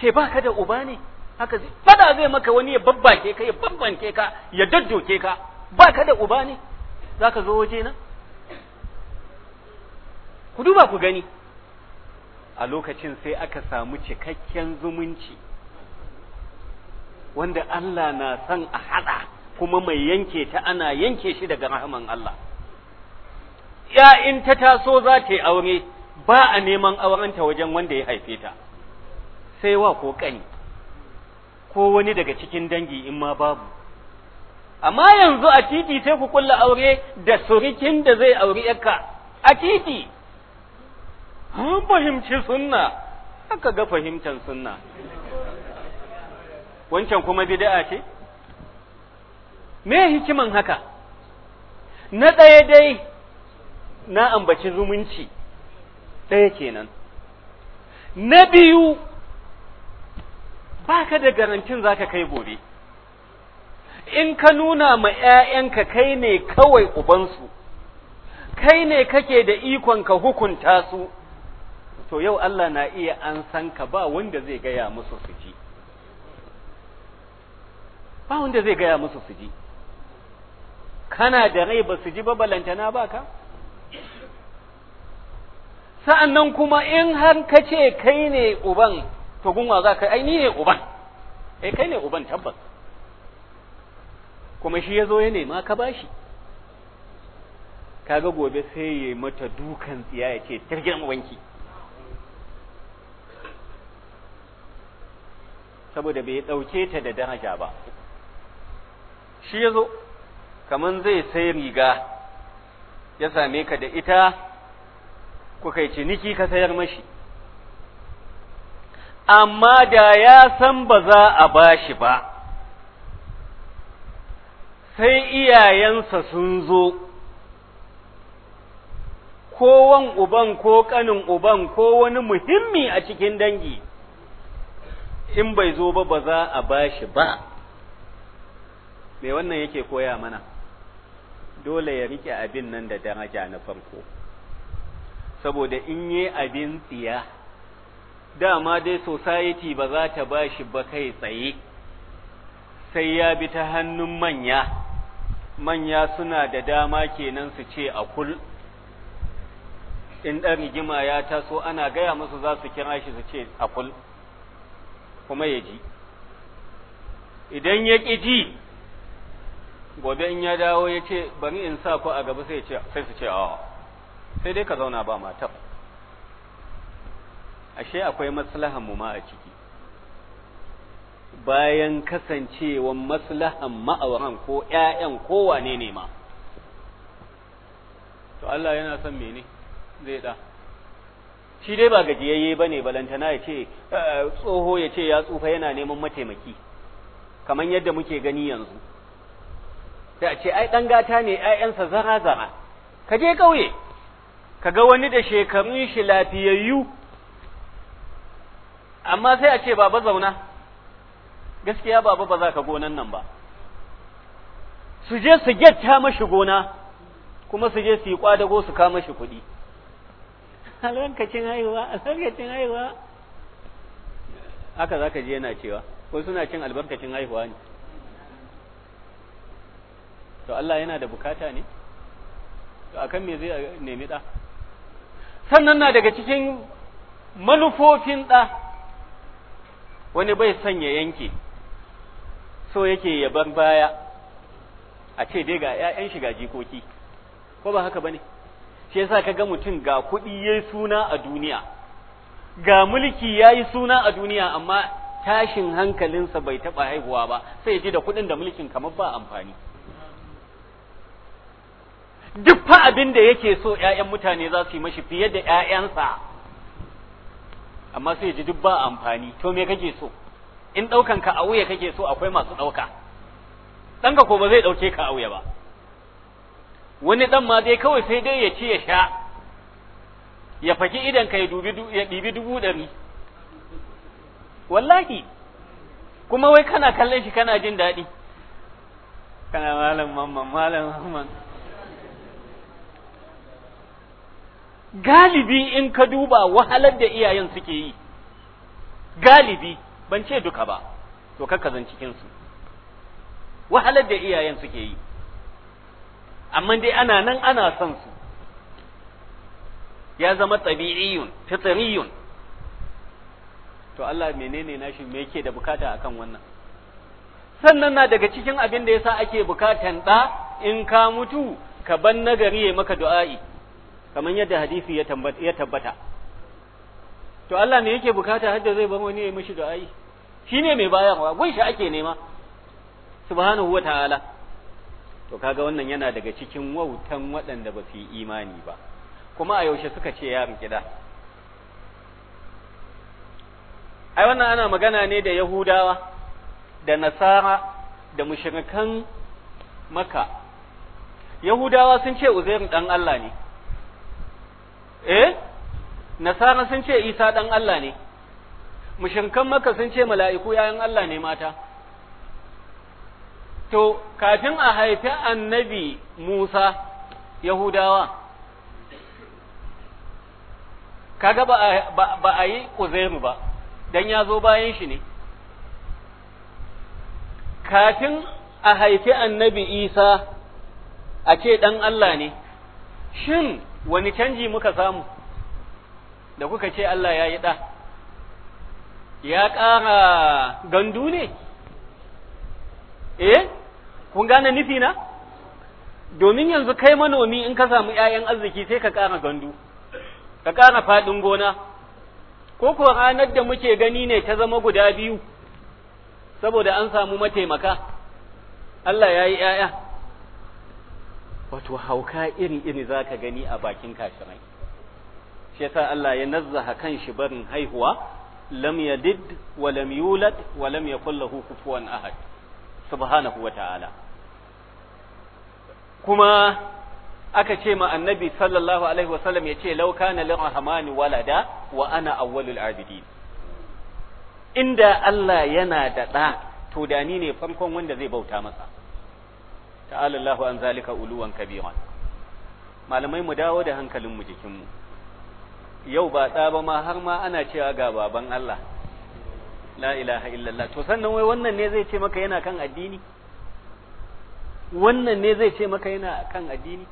ce ba ka da uba ne haka zai fada zai maka wani ya babbake ka ya babbanke ka ya daddoke ka ba ka da uba ne za ka zo waje na ku duba ku gani a lokacin sai aka samu cikakken zumunci wanda Allah na son a haɗa kuma mai yanke ta ana yanke shi daga rahaman Allah ya in ta taso za ta yi aure ba a neman aurenta wajen wanda ya haife ta sai wa ko kani ko wani daga cikin dangi in ma babu amma yanzu a titi sai ku kulla aure da surikin da zai auri yaka a titi An fahimci sunna aka ga fahimtar sunna wancan kuma bid'a ce me hikiman haka na ɗaya dai na ambaci zumunci ɗaya kenan na biyu ba ka da garantin za ka kai gobe in ka nuna ma ‘ya'yanka kai ne kawai ubansu kai ne kake da ikon ka hukunta su to yau Allah na iya an san ka ba wanda zai gaya musu su ji ba wanda zai gaya musu su ji kana da rai ba su ji ba balantana ba ka sa'an nan kuma in har ka kai ne uban to gunwa za ka ai ni ne uban ai eh, kai ne uban tabbas kuma shi ya zo ya nema ka bashi kaga gobe sai ya yi mata dukan tsiya ya ce tirgin wanki saboda bai ɗauke ta da daraja ba shi ya zo kamar zai sai riga ya same ka da ita kuka yi ciniki ka sayar mashi amma da ya san ba za a ba shi ba sai iyayensa sun zo kowan uban ko kanin uban ko wani muhimmi a cikin dangi in bai zo ba ba za a ba shi ba me wannan yake koya mana dole ya rike abin nan da daraja na farko saboda in yi abin tsiya dama dai society ba za ta ba shi ba kai tsaye sai ya bi ta hannun manya manya suna da dama kenan su ce a kul in ɗan rigima ya taso ana gaya musu za su kira shi su ce a kul kuma ya ji idan ya ƙi ji gobe in ya dawo ya ce bari in sa ku a gaba sai su ce a sai dai ka zauna ba matar ashe akwai maslahan mu ma a ciki bayan kasancewan maslahan ma'auran ko ƴaƴan ko wane ne ma to Allah yana son mene zai da shi dai ba gajiyayye bane balantana ya ce eh, tsoho ya ce ya tsufa yana neman mataimaki kamar yadda muke gani yanzu sai a ce ai dan gata ne ƴaƴansa zara zara ka je ƙauye. ka ga wani da shekarun shi lafiyayyu amma sai a ce baba zauna gaskiya baba ba za ka gonan nan ba su je su gyatta mashi gona kuma su je su yi kwadago su kama shi kuɗi a haihuwa a haihuwa haka za ka je yana cewa ko suna cin albarkacin haihuwa ne to Allah yana da bukata ne to kan me zai nemi ɗa sannan na daga cikin manufofin ɗa wani bai son ya yanke so yake yaban baya a ce dai ga 'ya'yan shi ga jikoki ko ba haka bane shi yasa kaga mutum ga kuɗi yayi suna a duniya ga mulki yayi suna a duniya amma tashin hankalinsa bai taɓa haihuwa ba sai ji da kuɗin da mulkin kamar ba amfani duk fa abin da yake so ‘ya'yan mutane za su yi mashi fiye da ‘ya'yansa amma sai ji duk ba amfani to me kake so in ɗaukan ka a wuya kake so akwai masu ɗauka ka ko ba zai ɗauke ka a wuya ba wani dan ma dai kawai sai dai ya ci ya sha ya faki idan ka ya dubi dubu ɗari wallahi kuma wai kana kallon shi kana jin daɗi kana malam mamman malam mamman galibi in ka duba wahalar da iyayen suke yi galibi ban ce duka ba to ka zan cikin su wahalar da iyayen suke yi amma dai ana nan ana son su ya zama tabi'iyun fitriyun to Allah menene nashi me yake da bukata akan wannan sannan na daga cikin abin da yasa ake bukatan da in ka mutu ka ban nagari ya maka du'a'i kamar yadda hadisi ya tabbata to Allah me yake bukata da zai ban wani ya mishi shi ne mai bayarwa gun shi ake nema subhanahu wataala to kaga wannan yana daga cikin wautan waɗanda ba su yi imani ba kuma a yaushe suka ce ya rikida ai wannan ana magana ne da yahudawa da nasara da mushrikan maka yahudawa sun ce uzairin dan Allah ne eh nasara sun ce isa dan Allah ne mushinkan maka sun ce mala'iku yayan Allah ne mata to kafin a haifi annabi Musa Yahudawa kaga ba a yi ƙuzairu ba don ya zo bayan shi ne kafin a haifi annabi isa a ce ɗan Allah ne shin wani canji muka samu da kuka ce Allah ya yi ɗa ya ƙara gandu ne eh kun gane nufi na domin yanzu kai manomi in ka samu ‘ya'yan arziki sai ka ƙara gandu ka ƙara faɗin gona ko kuwa ranar da muke gani ne ta zama guda biyu saboda an samu mataimaka Allah ya yi ‘ya'ya wato hauka iri-iri za ka gani a bakin kashirai shi yasa Allah ya nazzaha kan shi barin haihuwa lam yadid wa lam yulad wa lam yakul lahu kufuwan ahad subhanahu wata'ala kuma aka ce ma annabi sallallahu alaihi wasallam ya ce law kana lirrahmani walada wa ana awwalul abidin inda Allah yana da ɗa to da ni ne farkon wanda zai bauta masa ta'ala Allahu an zalika uluwan kabiran malamai mu dawo da hankalin mu jikin mu yau ba da ba ma har ma ana cewa ga baban Allah la ilaha illallah to sannan wai wannan ne zai ce maka yana kan addini wannan ne zai ce maka yana kan addini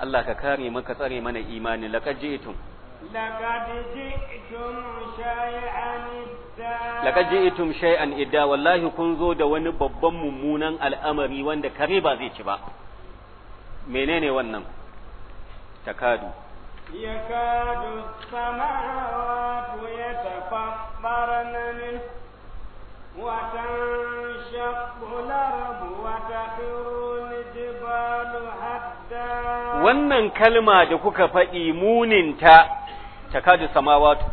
Allah ka kare maka tsare mana imani laqad ji'tum Laka ji itum shay'an idda wallahi kun zo da wani babban mummunan al'amari wanda kare ba zai ci ba. Menene wannan? Takadu. Yakadu samawatu yatafaffarna min wa tanshaqqu al-ardu wa takhirru al-jibalu hadda Wannan kalma da kuka faɗi muninta takadu samawatu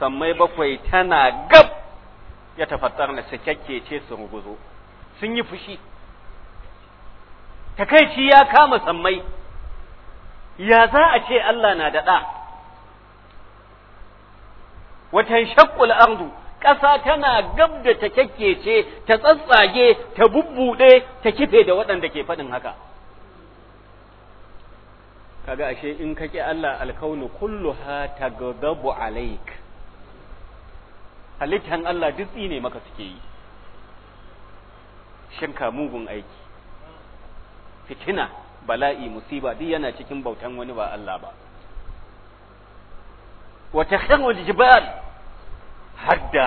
sammai bakwai tana gab ya tafattar na sakekke ce su guzo sun yi fushi takaici ya kama sammai ya za a ce Allah na da watan shakkul ardu ƙasa tana gab da ta ce ta tsatsage ta bubbude ta kife da waɗanda ke faɗin haka kaga ashe in ka ƙi Allah alkaunu kulluha tagadabu alaik halittan Allah duk ne maka suke yi shinka mugun aiki fitina bala'i musiba duk yana cikin bautan wani ba Allah ba wa takhawul aljibal hadda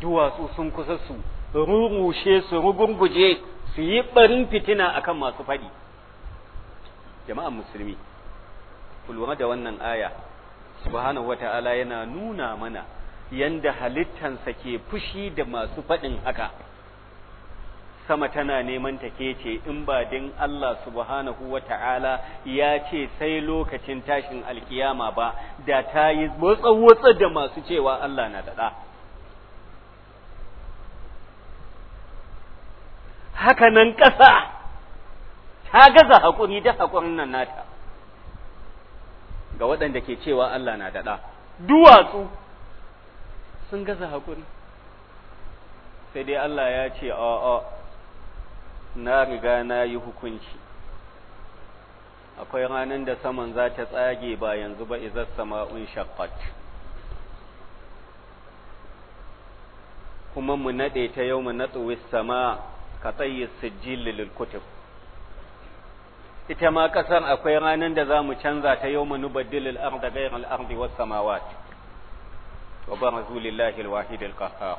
duwatsu sun kusa su rurushe su rugurguje su yi barin fitina akan masu fadi jama'an musulmi ku lura da wannan aya subhanahu wata'ala yana nuna mana yanda halittansa ke fushi da masu faɗin haka sama tana neman ta kece in ba din Allah subhanahu wata'ala ya ce sai lokacin tashin alkiyama ba da ta yi wotsa da masu cewa Allah na daɗa haka nan ƙasa ta gaza hakuri da haƙurin nan nata ga waɗanda ke cewa Allah na daɗa duwatsu sun gaza haƙuri sai dai Allah ya ce a'a na riga na yi hukunci akwai ranar da saman za ta tsage ba yanzu ba izar sama'un shaqqat kuma mu naɗe ta yau mu natsuwi sama ka tsaye su kutub ita ma kasar akwai ranan da zamu canza ta yau manu baddilil arda gairar ardi was samawat wa ba razulillahi qahhar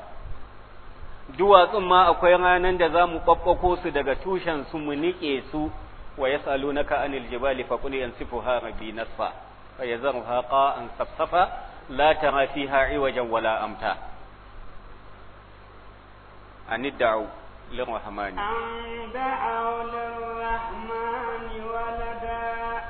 duwa tsun ma akwai ranan da zamu mu su daga tushen su mu nike su wa yasalunaka anil jibali fa qul yansifuha rabbi nasfa fa yazruha qa'an safsafa la tara fiha iwajan wala amta anid da'u للرحمن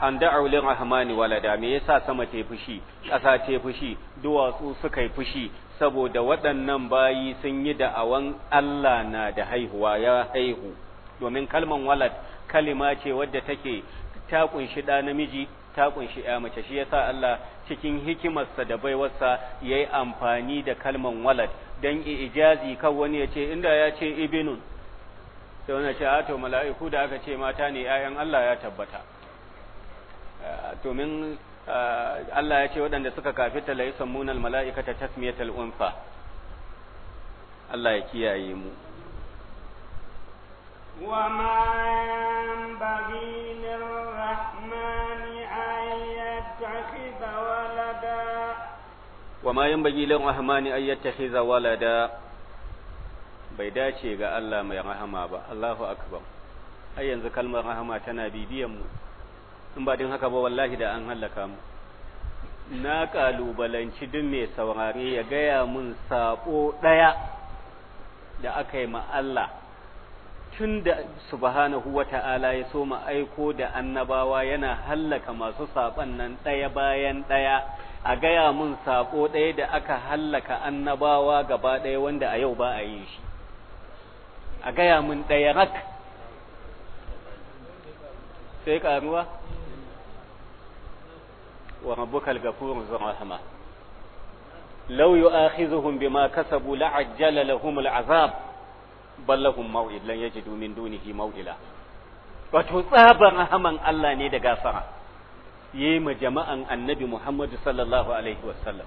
an da'au rahmani walada me yasa sama ta fushi ƙasa ta fushi duwatsu suka yi fushi saboda waɗannan bayi sun yi da'awan Allah na da haihuwa ya haihu domin kalman walad kalima ce wadda take ta kunshi ɗa namiji ta kunshi ya mace shi yasa Allah cikin hikimarsa da baiwarsa yayi amfani da kalman walad dan ijazi kan wani ya inda yace ce ibnun sai wani ce ato mala'iku da aka ce mata ne ‘ya'yan Allah ya tabbata domin Allah ya ce waɗanda suka kafita la yusan munal mala'ikata tasmiyatal unfa Allah ya kiyaye mu وما ينبغي للرحمن أن يتخذ ولدا وما ينبغي للرحمن أن يتخذ ولدا bai dace ga Allah mai rahama ba Allahu akbar ai yanzu kalmar rahama tana bibiyan mu in ba din haka ba wallahi da an halaka mu na kalubalanci duk mai saurare ya gaya mun sabo daya da aka yi ma Allah tun da subhanahu wa ta'ala ya so ma aiko da annabawa yana hallaka masu saban nan daya bayan daya a gaya mun sako daya da aka hallaka annabawa gaba daya wanda a yau ba a yi shi a gaya mun ɗaya rak sai ƙaruwa wa rabbukal gafurun zan law لو bima kasabu la'ajjala lahum al'azab bal lahum maw'id lan yajidu min dunihi maw'ila موئلا wato tsaban rahaman Allah ne da gafara yayi ma jama'an annabi Muhammadu sallallahu alaihi wasallam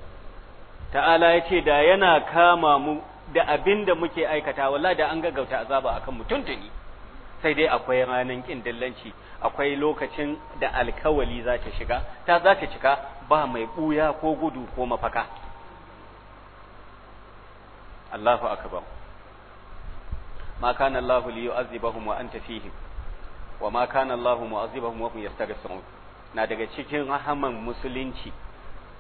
ta'ala ya ce da yana kama mu da abin da muke aikata walla da an gaggauta azaba akan mutun tuni sai dai akwai ranan kin dillanci akwai lokacin da alkawali za ta shiga ta za ta cika ba mai buya ko gudu ko mafaka Allahu akbar ma kana Allahu li yu'azzibahum wa anta fihim wa ma kana Allahu mu'azzibahum wa hum yastaghfirun na daga cikin rahaman musulunci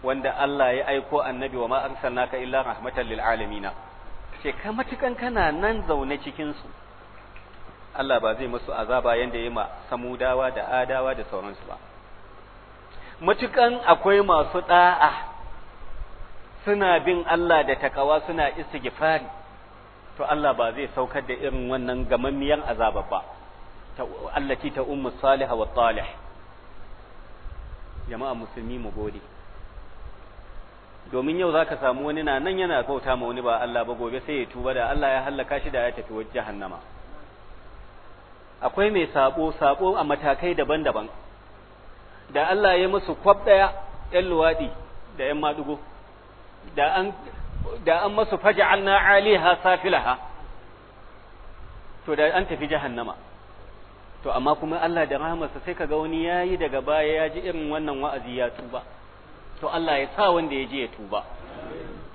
wanda Allah ya aiko annabi wa ma arsalnaka illa rahmatan lil alamin ce ka matukan kana nan zaune cikinsu Allah ba zai masu azaba yadda ya ma samudawa da adawa da sauransu ba matukan akwai masu ɗa'a suna bin Allah da takawa suna istighfari to Allah ba zai saukar da irin wannan gamammiyan azaba ba allati ta ummu salihah wa talih jama'a musulmi mu gode domin yau zaka samu wani na nan yana bauta ma wani ba Allah ba gobe sai ya tuba da Allah ya hallaka shi da ya tafi wajen jahannama akwai mai sabo sabo a matakai daban-daban da Allah ya musu kwab daya ɗan luwadi da ƴan madugo da an da an masu faj'alna 'aliha safilaha to da an tafi jahannama to amma kuma Allah da rahamarsa sai kaga wani yayi daga baya ya ji irin wannan wa'azi ya tuba to Allah ya sa wanda ya je ya tuba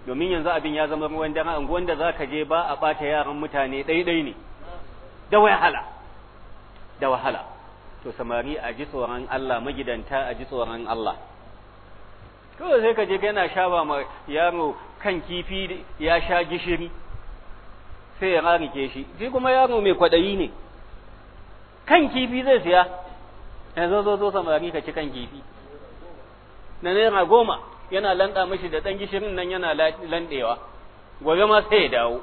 domin yanzu abin ya zama ruwan dare an wanda zaka je ba a bata yaran mutane ɗaiɗai ne da wahala da wahala to samari a ji tsoron Allah magidanta a ji tsoron Allah to sai ka je yana shaba ma yaro kan kifi ya sha gishiri sai ya rarike shi shi kuma yaro mai kwaɗayi ne kan kifi zai siya yanzu zo zo samari ka ci kan kifi na naira goma yana lanɗa mashi da ɗan gishirin nan yana lanɗewa gobe ma sai ya dawo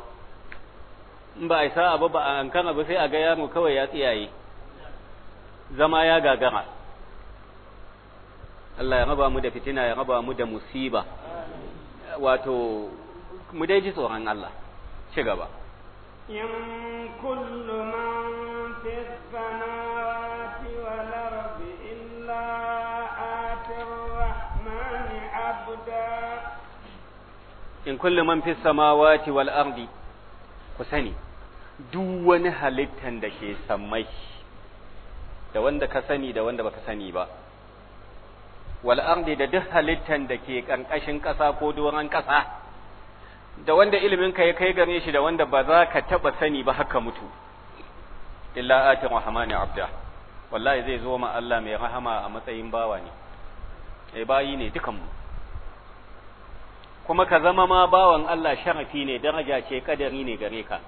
in ba a sa'a ba ba a ankara ba sai a ga yaro kawai ya tsiyaye zama ya gagara Allah ya raba mu da fitina ya raba mu da musiba wato mu dai ji tsoron Allah ci gaba in kullu man in kulle man fis samawati wal ardi ku sani duk wani halittan da ke sammai da wanda ka sani da wanda baka sani ba wal ardi da duk halittan da ke kankashin ƙasa ko doron ƙasa da wanda ilimin ka ya kai gare shi da wanda ba za ka taba sani ba haka mutu illa ati rahmani abda wallahi zai zo ma Allah mai rahama a matsayin bawa ne eh bayi ne dukanmu kuma ka zama ma bawan Allah sharafi ne daraja ce kadari ne gare ka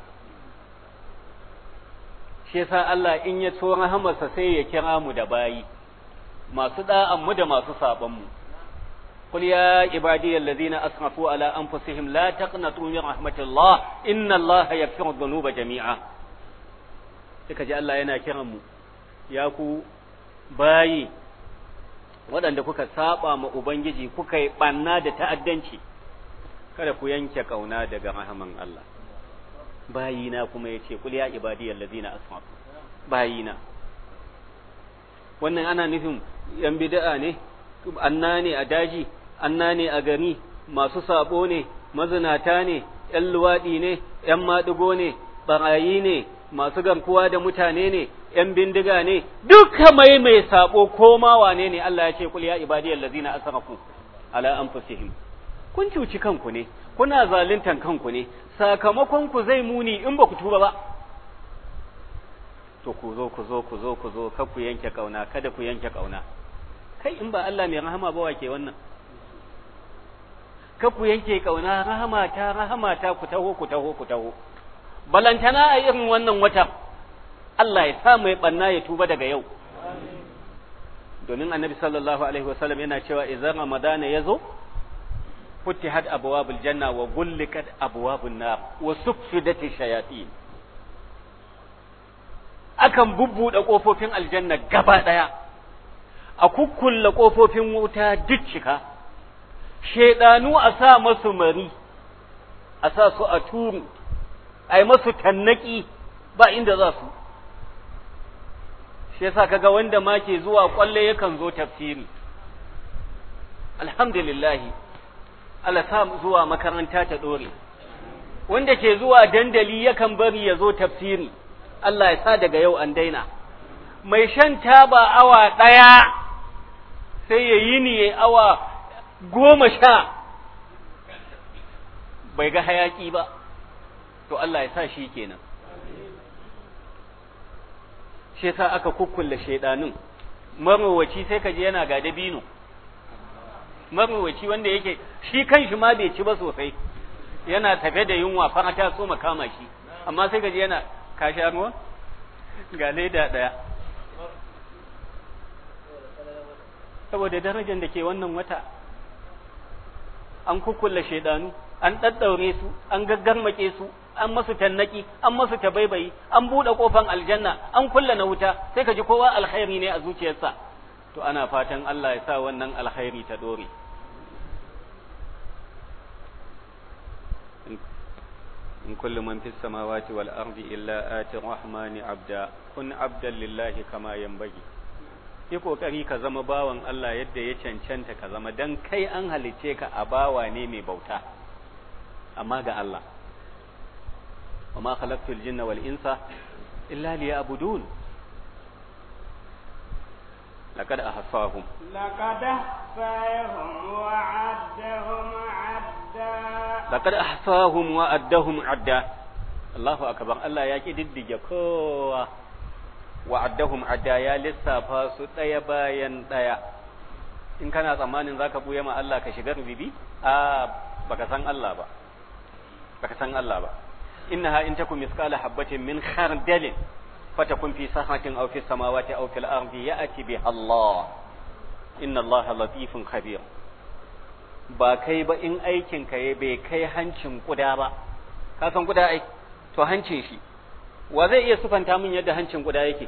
shi yasa Allah in ya so rahamarsa sai ya kira mu da bayi masu da'an mu da masu saban mu قل يا عبادي الذين ala على أنفسهم لا تقنطوا من رحمة الله إن الله يغفر الذنوب جميعا suka ji Allah yana mu ya ku bayi waɗanda kuka saba ma Ubangiji kuka yi ɓanna da ta'addanci kada ku yanke kauna daga rahaman Allah bayina kuma yace kul ya ibadiyal ladina asfaqu bayina wannan ana nufin yan bid'a ne anna a daji anna ne a gari masu sabo ne mazinata ne yan luwaɗi ne yan maɗigo ne barayi ne masu garkuwa da mutane ne ‘yan bindiga ne, duka mai mai saɓo ko ma wane ne Allah ya ce, Kul ya ibadiyar lazina asfaqu ala anfusihim kun cuci kanku ne kuna zalintan kanku ne sakamakon ku zai muni in ba ku tuba ba to ku zo ku zo ku zo ku zo ku yanke kauna kada ku yanke kauna kai in ba Allah mai rahama ba wake wannan ka ku yanke kauna rahama ta rahama ta ku taho ku taho ku taho balantana a irin wannan wata Allah ya sa mai banna ya tuba daga yau domin annabi sallallahu alaihi wasallam yana cewa idan ramadana ya zo futihat abwabul janna wa gullikat abwabun nar wa suffidat shayatin akan bubbuɗe kofofin aljanna gaba daya a kukkulle kofofin wuta dukkika shedanu a sa masu mari a sa su a turu ai masu tannaki ba inda za su shi yasa kaga wanda ma ke zuwa kwalle yakan zo tafsiri alhamdulillah Allah sa zuwa makaranta ta dore wanda ke zuwa dandali yakan bari ya zo tafsiri Allah ya sa daga yau an daina mai shan taba awa ɗaya sai ya yi ni awa goma sha bai ga hayaki ba to Allah ya sa shi kenan shi sa aka kukkulle shaidanin marowaci sai ka je yana ga dabino marowaci wanda yake shi kanshi ma bai ci ba sosai yana tafe da yunwa fara ta so makama shi amma sai gaji yana kashi ruwa ga leda daya saboda darajar da ke wannan wata an kukkulla shaidanu an daddaure su an gaggarmake su an masu tannaki an masu tabaibayi an buɗe kofan aljanna an kulla na wuta sai ka ji kowa alkhairi ne a zuciyarsa to ana fatan Allah ya sa wannan alkhairi ta dore إن كل من في السماوات والأرض إلا آت الرحمن عبدا كن عبدا لله كما ينبغي yi kokari ka zama bawan Allah yadda ya cancanta ka zama dan kai an halice ka a bawa ne mai bauta amma ga Allah wa ma al jinna wal insa illa liya'budun laqad ahsahum laqad ahsahum wa 'addahum 'adda laqad ahsahum wa addahum adda Allahu akbar Allah ya kididdige kowa wa addahum adda ya lissafa su daya bayan daya in kana tsammanin zaka buya ma Allah ka shiga rubibi a baka san Allah ba baka san Allah ba innaha in takum misqala habatin min khardalin fatakun fi sahatin aw fi samawati aw fil ardi ya'ti biha Allah inna Allah latifun khabir ba kai ba in aikin ka bai kai hancin kuda ba ka san kuda ai to hancin shi wa zai iya sufanta min yadda hancin kuda yake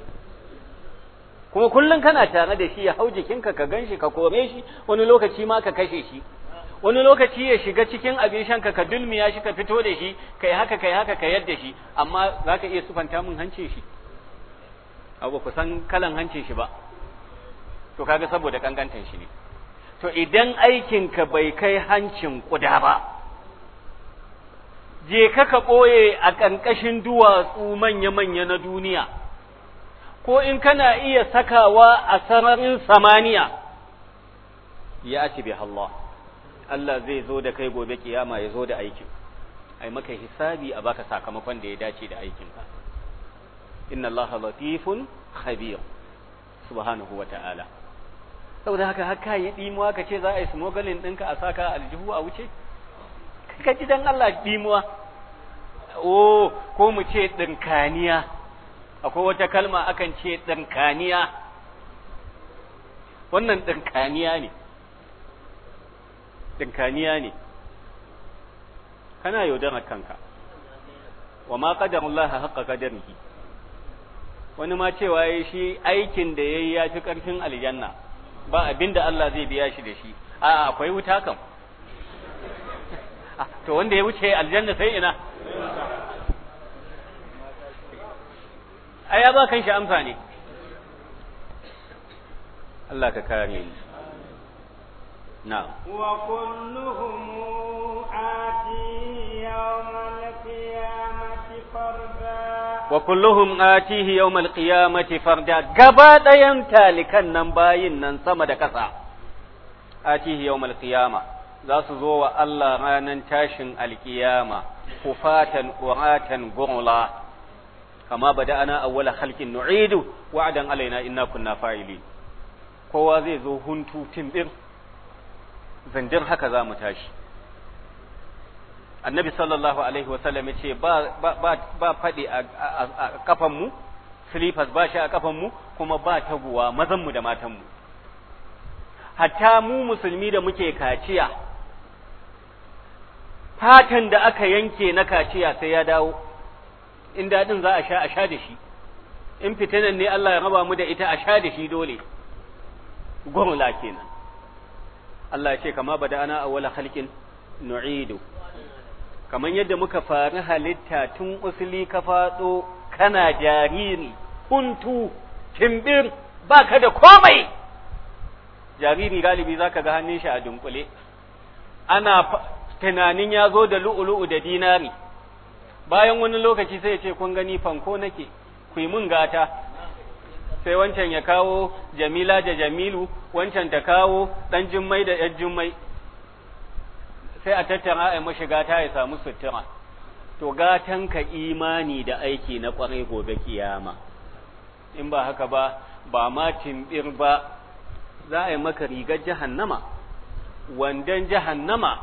kuma kullum kana tare da shi ya hau jikinka ka ganshi ka kome shi wani lokaci ma ka kashe shi wani lokaci ya shiga cikin abin shanka ka dulmiya shi ka fito da shi kai haka kai haka ka yadda shi amma za ka iya sufanta min hancin shi abu ku san kalan hancin shi ba to kaga saboda kankantan shi ne to idan aikinka bai kai hancin kuda ba je ka ka ɓoye a ƙanƙashin duwatsu manya-manya na duniya ko in kana iya sakawa a sararin samaniya ya ake bi Allah Allah zai zo da kai gobe kiyama ya zo da aikin ai maka hisabi a baka sakamakon da ya dace da aikinka inna Allah latifun khabir subhanahu wa ta'ala saboda haka har ka yi dimuwa ka ce za a yi smogalin ɗinka a saka aljihu a wuce ka ji dan Allah dimuwa oh ko mu ce dinkaniya akwai wata kalma akan ce dinkaniya wannan dinkaniya ne dinkaniya ne kana yaudarar kanka wa ma Allah haqqa qadarihi wani ma cewa ya shi aikin da yayi ya fi karfin aljanna ba abinda Allah zai biya shi da shi a akwai wuta kam ah, to wanda ya wuce aljanna sai ina ai ya ba kan shi amsa ne Allah ka kare ni na'am wa kulluhum ati yawmal qiyamati farda wa kulluhum atihi yawmal qiyamati farda gaba dayan talikan nan bayin nan sama da kasa atihi yawmal qiyama za su zo wa Allah ranan tashin alqiyama kufatan uratan gurla kama ana awwala khalqin nu'idu wa'dan alaina inna kunna fa'ilin kowa zai zo huntu tindir zandin haka za mu tashi annabi sallallahu alaihi wasallam ya ce ba ba fadi a kafan mu slippers ba shi a kafan mu kuma ba taguwa mazan da matanmu hatta mu musulmi da muke kaciya fatan da aka yanke na kaciya sai ya dawo in daɗin za a sha a sha da shi in fitinan ne Allah ya raba mu da ita a sha da shi dole gwamla kenan Allah ya ce kama bada ana awwala khalqin nu'idu kamar yadda muka fari halitta tun usuli ka faɗo kana jariri kuntu timbir baka da komai jariri galibi zaka ga hannun shi a dunkule ana tunanin ya zo da lu'ulu'u da dinari bayan wani lokaci sai ce kun gani fanko nake ku mun gata sai wancan ya kawo jamila da jamilu wancan ta kawo ɗan jummai da yar jummai sai a tattara a mashiga ta ya samu sutura to gatan ka imani da aiki na kwarai gobe kiyama in ba haka ba ba ma timbir ba za a yi maka rigar jahannama wandan jahannama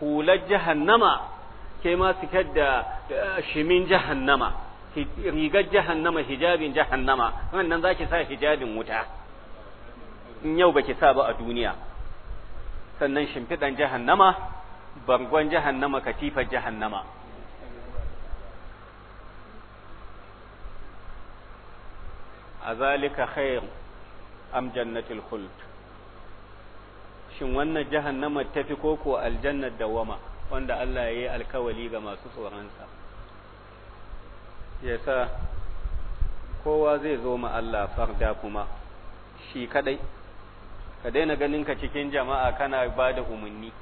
hular jahannama ke ma su da shimin jahannama rigar jahannama hijabin jahannama wannan za ki sa hijabin wuta in yau baki sa ba a duniya sannan shimfiɗan jahannama bangon jahannama katifar jahannama a zalika khair am jannatul khuld shin wannan jahannama tafi koko aljannar dawama wanda Allah ya yi alkawali ga masu tsoronsa yasa kowa zai zo ma Allah farda kuma shi kadai ka daina ganin ka cikin jama'a kana ba da umarni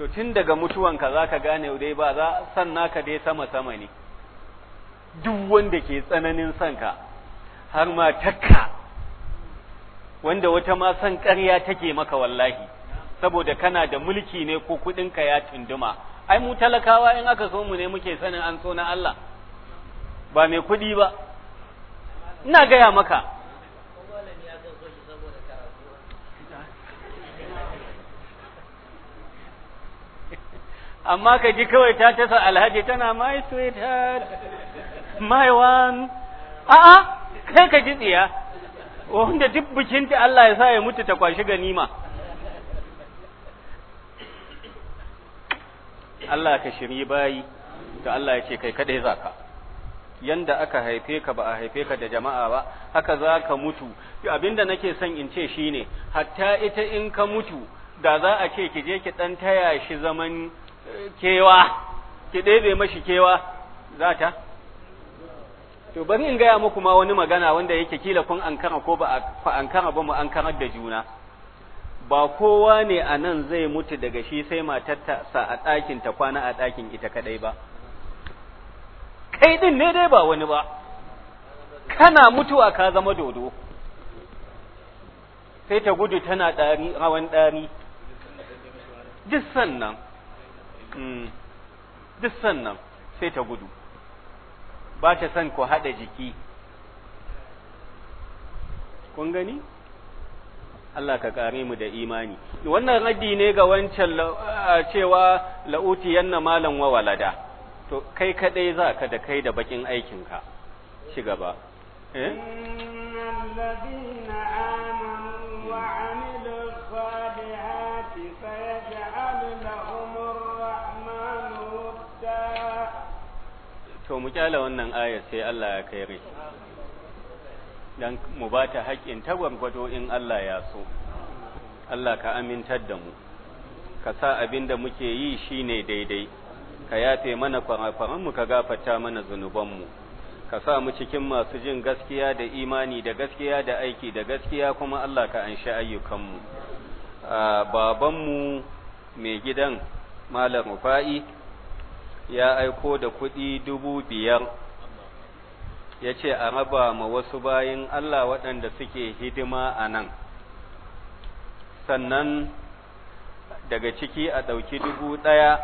to tun daga mutuwanka za ka gane dai ba za san naka dai sama-sama ne duk wanda ke tsananin sanka har ma takka wanda wata ma san ƙarya take maka wallahi saboda kana da mulki ne ko kuɗinka ya tunduma ai mu talakawa in aka so mu ne muke sanin an so na Allah ba mai kuɗi ba ina gaya maka amma ka ji kawai ta tasa alhaji tana my sweetheart my one a'a kai ka ji tsiya wanda duk bikinta Allah ya sa ya mutu ta kwashi ganima Allah ka shiri bayi da Allah ya ce kai kadai zaka yanda aka haife ka ba a haife ka da jama'a ba haka za ka mutu abinda nake son in ce shine hatta ita in ka mutu da za a ce ki je ki dan taya shi zaman kewa ki ɗebe mashi kewa za to bari in gaya muku ma wani magana wanda yake kila kun ankara ko ba ankara ba mu ankarar da juna ba kowa ne a nan zai mutu daga shi sai sa a ɗakin ta kwana a ɗakin ita kaɗai ba kai ɗin ne dai ba wani ba kana mutuwa ka zama dodo sai ta gudu tana ɗari rawan ɗari duk sannan Mm. duk sannan sai ta gudu ba ta son ku haɗa jiki kun gani Allah ka kare mu da imani wannan raddi ne ga wancan cewa la'uti yanna malan wa walada to kai kadai za ka da kai da bakin aikinka shi gaba eh to mu kyala wannan ayar sai Allah ya kai rai dan mu ba ta haƙƙin ta gwargwado in Allah ya so Allah ka amintar da mu ka sa abin da muke yi shine daidai ka yafe mana kwarafaran mu ka gafarta mana zunubanmu. mu ka sa mu cikin masu jin gaskiya da imani da gaskiya da aiki da gaskiya kuma Allah ka anshi ayyukan mu ah, baban mai gidan malam Rufa'i ya aiko da kuɗi dubu biyar ya ce a raba ma wasu bayin Allah waɗanda suke hidima a nan sannan daga ciki a ɗauki dubu ɗaya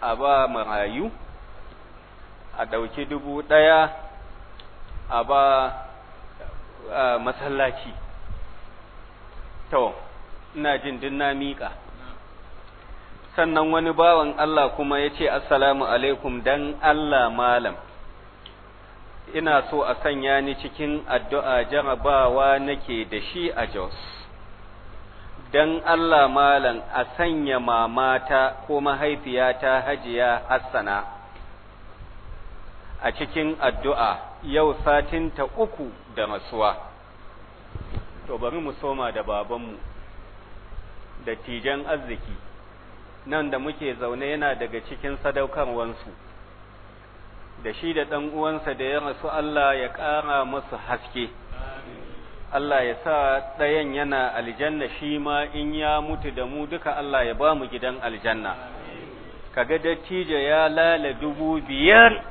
a ba marayu a ɗauki dubu ɗaya a ba masallaci to ina jin na miƙa sannan wani bawan Allah kuma ya ce assalamu alaikum dan Allah malam ina so a sanya ni cikin addu'a jarabawa nake da shi a Jos dan Allah malam a sanya mamata ko mahaifiyata hajiya hassana a cikin addu'a yau satin ta uku da rasuwa to bari mu soma da babanmu da tijan arziki nan da muke zaune yana daga cikin sadaukarwansu da shi da ɗan uwansa da ya rasu Allah ya ƙara masu haske Allah ya sa ɗayan yana aljanna shi ma in ya mutu da mu duka Allah ya ba mu gidan aljanna kaga dattijo ya lala dubu biyar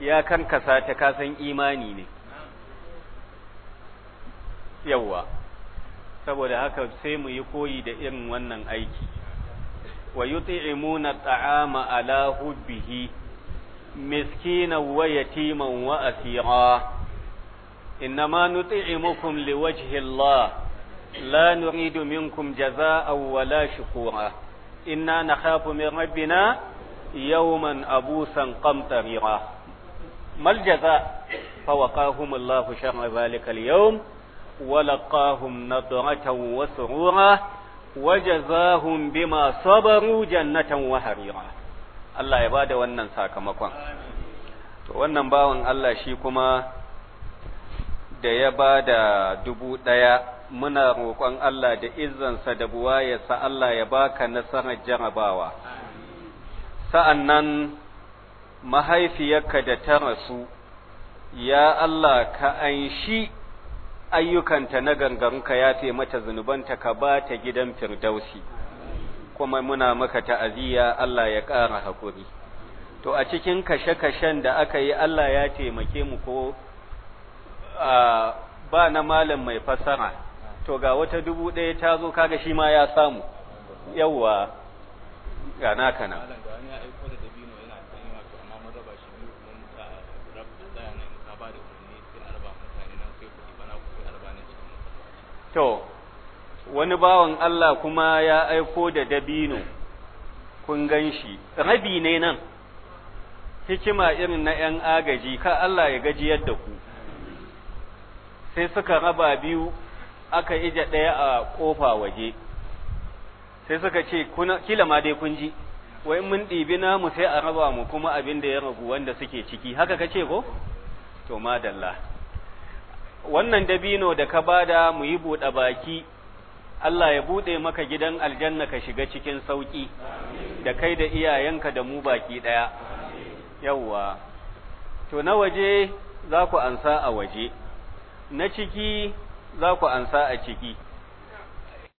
ya kasa ta kasan imani ne yawwa saboda haka sai mu yi koyi da irin wannan aiki ويطعمون الطعام على حبه مسكينا ويتيما وأسيرا إنما نطعمكم لوجه الله لا نريد منكم جزاء ولا شكورا إنا نخاف من ربنا يوما أبوسا قمطريرا ما الجزاء فوقاهم الله شر ذلك اليوم ولقاهم نضرة وسرورا wajazahum bima sabaru jannatan wa harira Allah ya bada wannan sakamakon to wannan bawan Allah shi kuma da ya bada dubu ɗaya muna roƙon Allah da sa da buwayarsa Allah ya baka nasarar jarabawa sa'annan mahaifiyarka da ta rasu ya Allah ka anshi ayyukanta na gangarunka ya mata zunubanta ka ba ta gidan firdausi kuma muna maka ta'aziyya Allah ya ƙara haƙuri to a cikin kashe-kashen da aka yi Allah ya taimake mu ko ba na malam mai fassara to ga wata dubu ɗaya ta zo kaga shi ma ya samu yauwa ga naka nan to wani bawan Allah kuma ya aiko da dabino kun gan shi rabi ne nan hikima irin na ‘yan agaji ka Allah ya gaji yadda ku sai suka raba biyu aka ije ɗaya a ƙofa waje sai suka ce kila ma dai kun ji wai mun ɗibi namu sai a raba mu kuma abin da ya ragu wanda suke ciki haka ka ce ko? to madalla wannan dabino da ka bada mu yi buɗe baki Allah ya buɗe maka gidan aljanna ka shiga cikin sauƙi da kai da iyayenka da mu baki ɗaya yawwa to na waje za ku ansa a waje na ciki za ku ansa a ciki